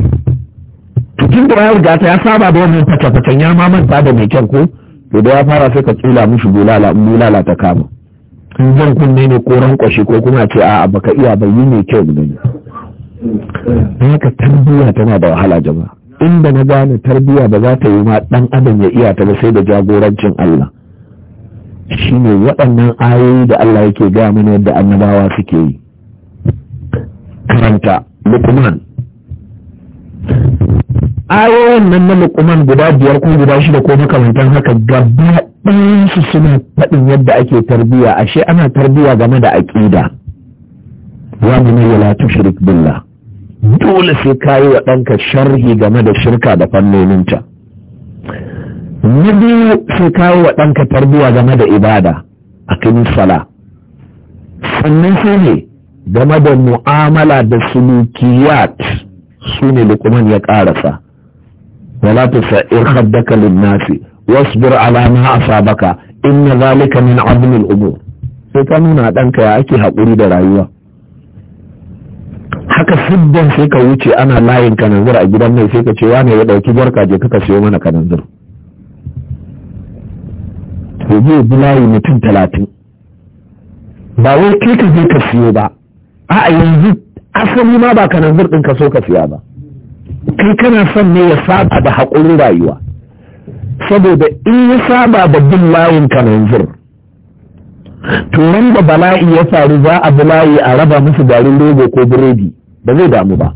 to tun da ya riga ya saba da wannan fata fatan ya ma manta da mai kyan ko to da ya fara sai ka tsila mushi bulala bulala ta kama in zan kunne ne ko rankwashe ko kuma ce a ka iya bai yi mai kyau ne haka tarbiyya tana da wahala jama'a inda na gane tarbiyya ba za ta yi ma dan adam ya iya ta ba sai da jagorancin Allah shine waɗannan ayoyi da Allah yake gaya mana yadda annabawa suke yi karanta lukuman ayoyin nan na lukuman guda biyar ko guda shida ko makamantan haka gaba su suna faɗin yadda ake tarbiyya ashe ana tarbiyya game da aƙida ya mu ne ta tushrik billah dole sai ka yi wa ɗanka sharhi game da shirka da fannoninta na biyu sai ka yi wa ɗanka tarbiyya game da ibada a sala sannan sai ne game da mu'amala da sulukiyat su ne lukman ya karasa wala in khaddaka lin-nasi wasbir ala ma asabaka inna zalika min abin al-umur sai ka nuna ɗanka ya ake hakuri da rayuwa haka siddan sai ka wuce ana layin kananzir a gidan mai sai ka ce wane ya ɗauki barka je ka sayo mana kananzir to zai bi mutum talatin ba wai kai ka je ka siyo ba a yanzu asali ma ba kanan ɗin ka so ka siya ba kai kana son ne ya saba da haƙurin rayuwa saboda in ya saba da bin layin kanan zur to da bala'i ya faru za a bala'i a raba musu garin rogo ko biredi ba zai damu ba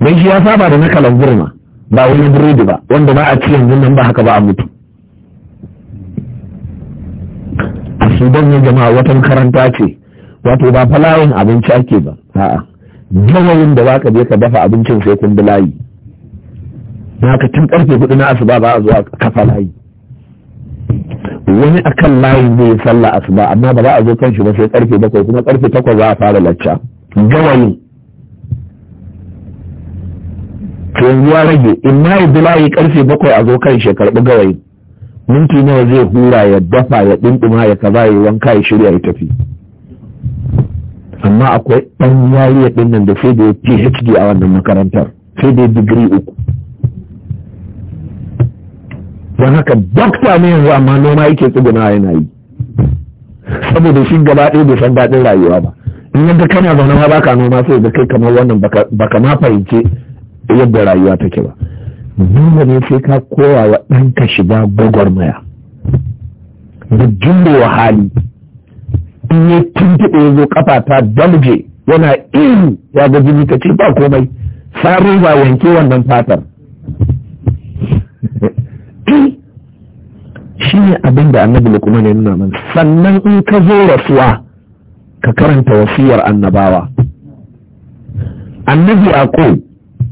Mai shi ya saba da na kalanzir ma ba wani biredi ba wanda ba a ci yanzu nan ba haka ba a mutu a sudan ya jama'a watan karanta ce wato ba falayin abinci ake ba a'a gawayin da zaka je ka dafa abincin sai kun bi layi na ka tun karfe hudu na asuba ba a zuwa kafa layi wani akan layin zai sallah asuba amma ba za a zo kan shi ba sai karfe bakwai kuma karfe takwas za a fara lacca gawayin to yanzu ya rage in ma ya bi layi karfe bakwai a zo kan shi karbi gawayin minti nawa zai hura ya dafa ya dindima ya kaza ya wanka ya shirya ya tafi amma akwai ɗan yariya ɗin nan da sai da ya phd a wannan makarantar sai da ya digiri uku don haka dokta ne yanzu amma noma yake tsuguna yana yi saboda shi gaba ɗaya bai san daɗin rayuwa ba in yadda kana zaune ma baka noma sai da kai kamar wannan baka ma fahimce yadda rayuwa take ba dole ne sai ka koya wa ɗanka shiga gwagwarmaya da wa hali in ya tuntuɓe ya zo kafa ta dalje yana ihu ya ga jini ta ce ba komai saro ba wanke wannan fatar (laughs) shi ne abin da annabi lukuma ne nuna mana sannan in ka zo rasuwa ka karanta wasiyar annabawa annabi ako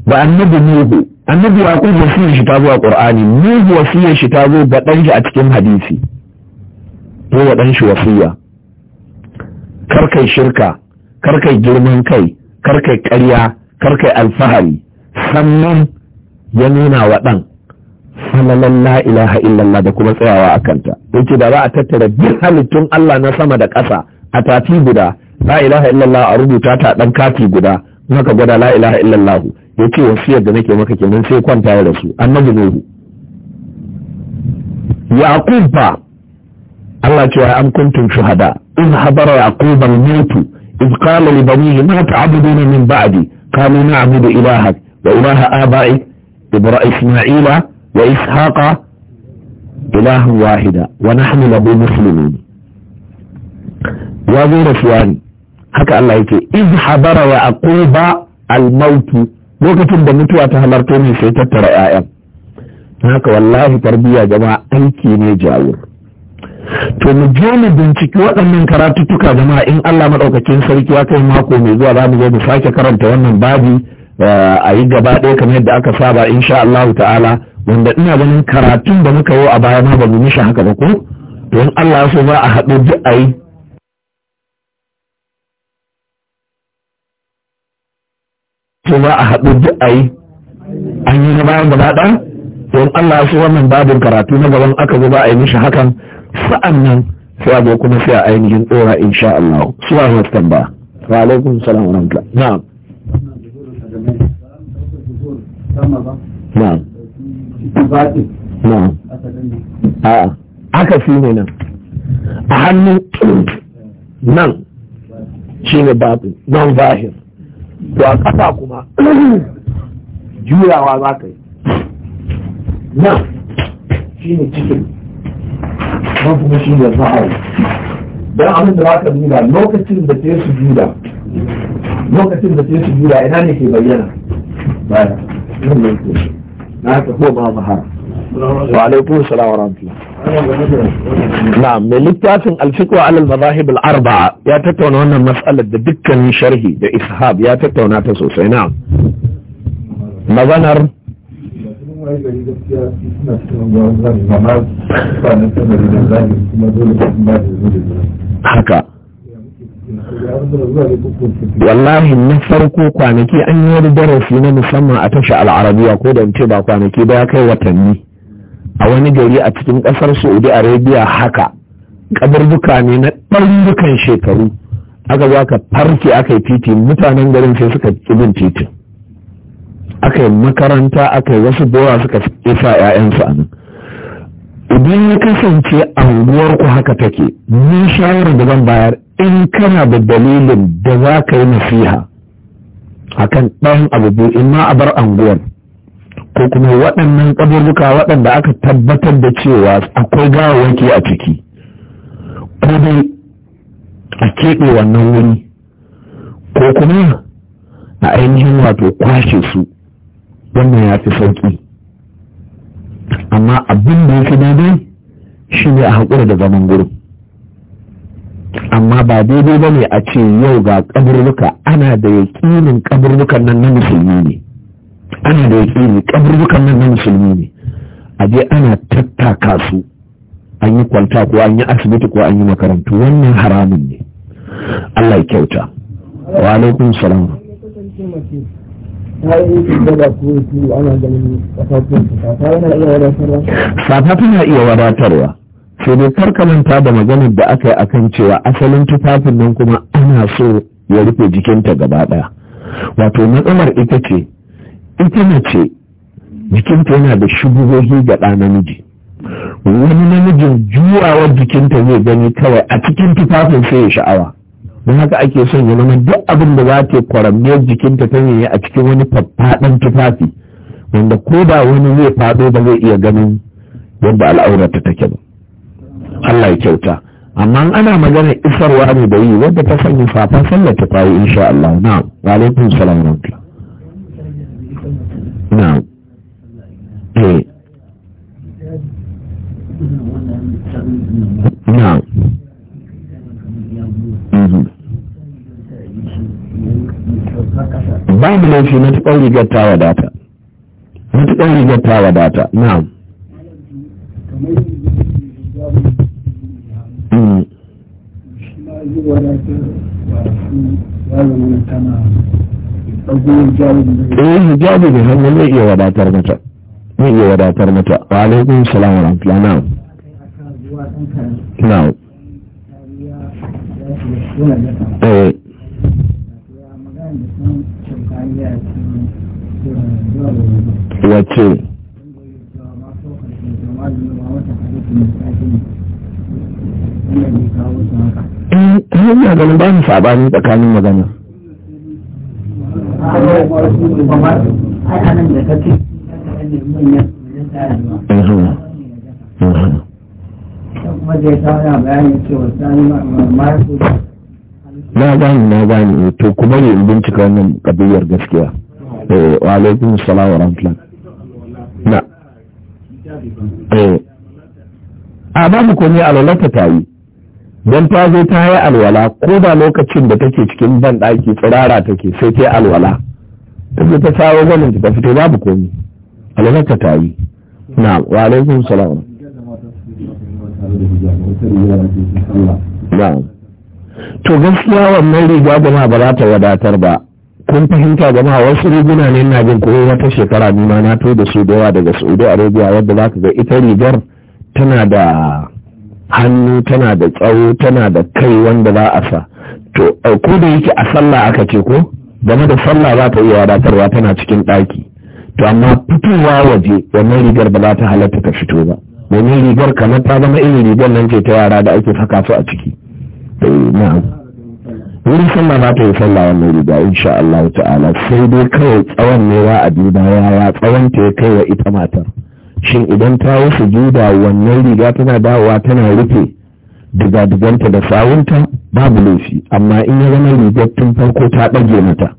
ba annabi nuhu annabi ako wasiyar shi ta zo a qur'ani nuhu wasiyar shi ta zo ga dan shi a cikin hadisi ko wa dan shi wasiya kar kai shirka karkai girman kai karkai kai ƙarya kar alfahari sannan ya nuna wa ɗan Sanannen la ilaha illallah da kuma tsayawa a kanta yake da za a tattara duk halittun Allah na sama da ƙasa a tafi guda la ilaha illallah a rubuta ta ɗan kati guda maka gwada la ilaha illallah yace wasiyar da nake maka kenan sai kwanta ya rasu annabi nuhu yaqub fa Allah ce wa am kuntum shuhada إذ حضر يعقوب الموت إذ قال لبنيه ما تعبدون من بعدي قالوا نعبد إلهك وإله آبائك إبراء إسماعيل وإسحاق إله واحدا ونحن له مسلمين وذي رسواني حكى الله يكي إذ حضر يعقوب الموت وقت الموت أتهلرتوني سيتترى آيام هكا والله تربية جماعة أيكي نجاور to mu je mu binciki waɗannan karatuttuka jama'a in Allah maɗaukakin sarki ya kai mako mai zuwa za mu zo mu sake karanta wannan babi eh, a yi gaba ɗaya kamar yadda aka saba insha Allah ta'ala wanda ina ganin karatun da muka yi a baya ma ba mu mishi haka ba ko to in Allah so za a haɗu duk a yi so za a haɗu duk a yi an yi na bayan gaba ɗaya to in Allah so wannan babin karatu na gaban aka zo ba a yi mishi hakan sa'an nan sai a zo kuma sai a ainihin tsora sha Allah suwa masu tambaya wa alaikum salam wa rahmatullah na'am na'am na'am a'a aka fi ne nan a hannun nan shi ne batin nan zahir to a ƙasa kuma jurawa za ka yi nan shi ne cikin don kuma shi ne sa'ari don abin da za ka duba lokacin da ke su juda lokacin da ke su juda ina ne ke bayyana baya yin da ke na ka ko ba mahara wa alaikun salam wa na'am mai littafin alfiqwa alal mazahib al-arba'a ya tattauna wannan matsalar da dukkanin sharhi da ishab ya tattauna ta sosai na maganar haka wallahi na farko kwanaki an yi wani darasi na musamman a tasha al'arabiya ko da ce ba kwanaki ba ya kai watanni a wani gari a cikin kasar saudi arabia haka kaburbuka ne na ɗarurukan shekaru aka zo aka farke aka yi titi mutanen garin sai suka ƙi bin titin aka yi makaranta aka yi wasu bora suka isa 'ya'yansu a nan idan ya kasance anguwarku haka take ni shawarar da zan bayar in kana da dalilin da za ka yi nasiha akan ɗan abubu in ma a bar anguwar ko kuma waɗannan ƙaburbuka waɗanda aka tabbatar da cewa akwai gawawaki a ciki ko dai a keɓe wannan wuri ko kuma a ainihin wato kwashe su wannan ya fi sauƙi amma abin da ya fi daidai shi ne a haƙura da zaman gurin amma ba daidai ba ne a ce yau ga kaburbuka ana da yaƙinin kaburbukan nan na musulmi ne ana da yaƙini kaburbukan nan na musulmi ne a je ana tattaka su an yi kwanta ko an yi asibiti ko an yi makarantu wannan haramun ne Allah ya kyauta wa alaikun salam Fata na iya wadatarwa, sai dai karkamanta manta da maganar da aka yi akan cewa asalin tufafin nan kuma ana so ya rufe jikinta gaba ɗaya. Wato matsalar ita ce, ita ce jikinta yana da shubuhohi ga ɗa namiji. Wani namijin juwawar jikinta zai gani kawai a cikin tufafin sai ya sha'awa. don haka ake son ya zama duk abin da za ta jikinta ta yi a cikin wani faffaɗan tufafi wanda ko da wani zai faɗo ba zai iya ganin yadda al'aurata take ba Allah ya kyauta amma ana magana isarwa ne da yi wadda ta sanya safan sallar ta kwayo insha Allah na alaikum salam wa na eh. Mm-hmm. babu laifi matuƙar rigar ta wadata matuƙar rigar ta wadata na'am hmm. eh hijabi ne hannu zai iya wadatar mata zai iya wadatar mata wa alaikun salam wa eh wace hanyar eh, eh, ganin ba mu sabani tsakanin magana na gani na gani to kuma ne bincika wannan kabiyar gaskiya eh wa alaikum salam wa rahmatullah na eh a babu komai alwalata ta yi don ta zo ta yi alwala ko ba lokacin da take cikin ban ɗaki tsirara take sai ta yi alwala ta zo ta sawo gwanin ta fito babu komai alwalata ta yi na wa alaikum salam na to gaskiya wannan riga gama ba za ta wadatar ba kun fahimta gama wasu riguna ne na jin koyo wata shekara ni ma na to da su dawa daga saudi arabia wadda za ka ga ita rigar tana da hannu tana da tsawo tana da kai wanda za a sa to ko da yake a sallah aka ce ko game da sallah za ta iya wadatarwa tana cikin ɗaki to amma fitowa waje wannan rigar ba za ta halatta ka fito ba domin rigar kamar ta zama irin rigar nan ce ta yara da ake saka su a ciki Eh, na'am wurin sallah ba ta yi sallah wannan riga insha Allah ta'ala sai dai kawai tsawon ne a duba yaya tsawon ta ya kai wa ita matar shin idan ta yi sujuda wannan riga tana dawowa tana rufe digadiganta da sawunta babu laifi amma in ya zama rigar tun farko ta ɗage mata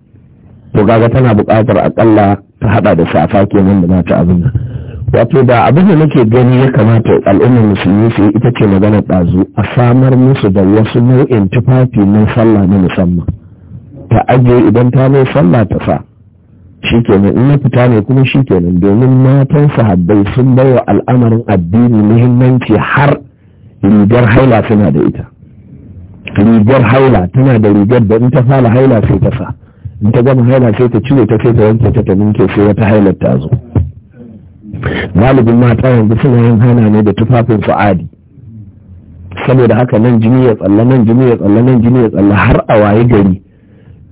to gaga tana buƙatar akalla ta haɗa da safa kenan da mata abin nan wato da abin da nake gani ya kamata al'ummar musulmi su yi ita ce maganar ɗazu a samar musu da wasu nau'in tufafi na sallah na musamman ta ajiye idan ta mai sallah ta sa shikenan in na fita ne kuma shikenan domin matan sahabbai sun baiwa al'amarin addini muhimmanci har rigar haila suna da ita rigar haila tana da rigar da in ta fara haila sai ta sa in ta gama haila sai ta cire ta sai ta wanke ta ta ninke sai wata hailar ta zo galibin mata yanzu suna yin hana ne da tufafin fa'adi saboda haka nan jini ya tsalla nan jini ya tsalla nan jini ya tsalla har a waye gari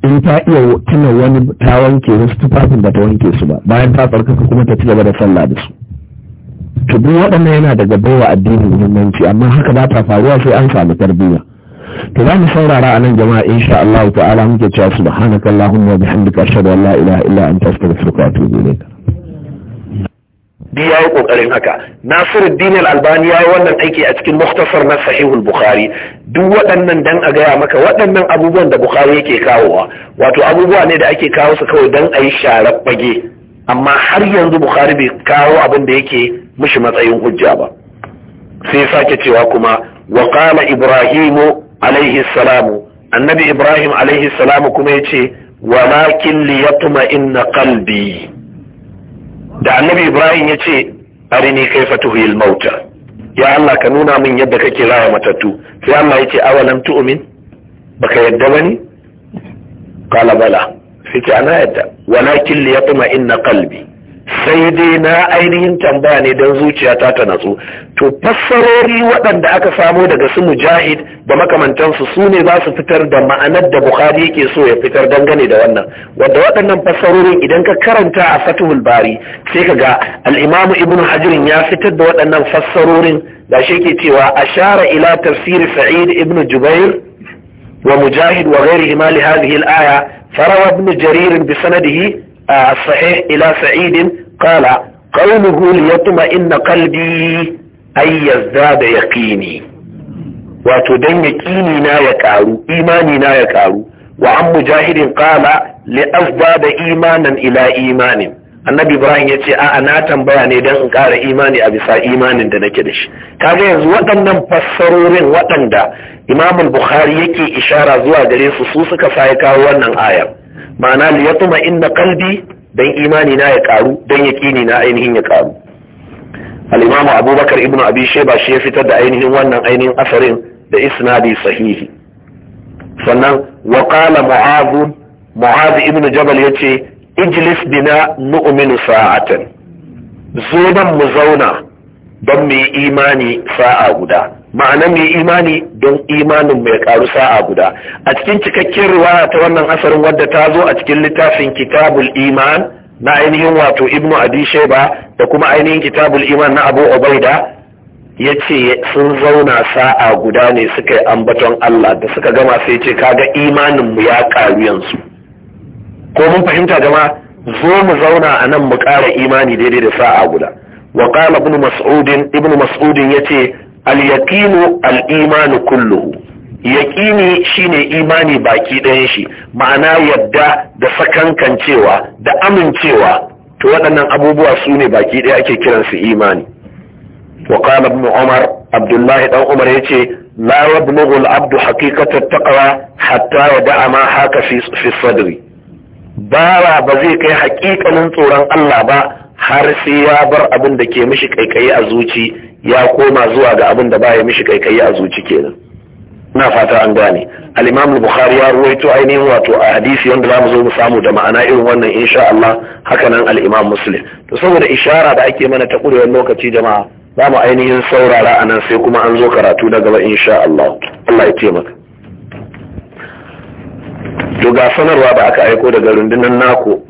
in ta iya tuna wani ta wanke wasu tufafin ba ta wanke su ba bayan ta tsarkaka kuma ta ci gaba da sallah da su to duk waɗannan yana daga baiwa addinin muhimmanci amma haka ba ta faruwa sai an samu tarbiyya to za mu saurara a nan jama'a insha Allah ta'ala muke cewa subhanakallahumma wa bihamdika ashhadu an la ilaha illa anta astaghfiruka wa atubu ilayk bi ya yi ƙoƙarin haka nasiruddin al-albani ya yi wannan aiki a cikin muktasar na sahihul bukhari duk waɗannan dan a gaya maka waɗannan abubuwan da bukhari yake kawowa wato abubuwa ne da ake kawo su kawai dan a yi sharar bage. amma har yanzu bukhari bai kawo abin da yake mishi matsayin hujja ba sai sake cewa kuma wa qala ibrahimu alaihi salamu annabi ibrahim alaihi salamu kuma yace walakin liyatma inna qalbi da annabi ibrahim ya ce arini kaifa tuhil mauta ya Allah ka nuna min yadda kake raya matattu sai Allah ya ce awalam tu'min baka yadda bane kala bala sai ce ana yadda walakin liyatma inna qalbi sai dai na ainihin tambaya ne don zuciyata ta natsu to fassarori waɗanda aka samo daga su mujahid da makamantansu su ne za su fitar da ma'anar da bukhari yake so ya fitar dangane da wannan wadda waɗannan fassarorin idan ka karanta a fatihul bari sai ka ga al'imamu ibnu hajirin ya fitar da waɗannan fassarorin da shi ke cewa ashara ila tafsiri sa'id ibnu jubair wa mujahid wa ghairihima li hadhihi al-aya farawa ibnu jarir bi sanadihi الصحيح إلى سعيد قال قوله ليطمئن قلبي أن يزداد يقيني وتدن يقيني نا يكارو إيماني نا يكارو وعن مجاهد قال لأزداد إيمانا إلى إيمان annabi ibrahim ya ce a na tambaya ne don in ƙara imani a bisa imanin da nake da shi kaga yanzu waɗannan fassarorin waɗanda imamul bukhari yake ishara zuwa gare su su suka sa ya kawo wannan ayar ma'ana li yatma inna qalbi dan imani na ya karu dan yaqini na ainihin ya karu al-imamu abubakar ibnu abi shayba shi ya fitar da ainihin wannan ainihin asarin da isnadi sahihi sannan wa qala mu'adh mu'adh ibnu jabal yace ijlis bina nu'minu sa'atan zo dan mu zauna don mu yi imani sa'a guda ma'ana mai imani don imanin mai karu sa'a guda a cikin cikakken riwaya ta wannan asarin wadda ta zo a cikin littafin kitabul iman na ainihin wato ibnu abi sheba da kuma ainihin kitabul iman na abu ubaida ya ce sun zauna sa'a guda ne suka yi ambaton Allah da suka gama sai ce kaga imanin mu ya karu yanzu ko mun fahimta gama, zo mu zauna a nan mu kara imani daidai da sa'a guda wa qala ibnu mas'udin ibnu mas'udin yace al-yaqinu al-imanu kulluhu yaƙini shine imani baki ɗayan shi ma'ana yadda da sakankancewa da amincewa to waɗannan abubuwa su ne baki ɗaya ake kiransu imani wa qala ibn umar abdullahi dan umar yace la yablughu al-abdu haqiqata at-taqwa hatta yada'a ma haka fi fi sadri bara ba zai kai haƙiƙanin tsoron Allah ba har sai ya bar abin da ke mishi kaikayi a zuci ya koma zuwa ga abin da baya mishi kaikayi a zuci kenan na fata an gane al-imam bukhari ya ruwaito ainihin wato a hadisi wanda zamu zo mu samu da ma'ana irin wannan insha Allah haka nan al-imam muslim to saboda ishara da ake mana ta kurewar lokaci jama'a zamu ainihin saurara anan sai kuma an zo karatu na gaba insha Allah Allah ya taimaka to ga sanarwa da aka aiko daga rundunar nako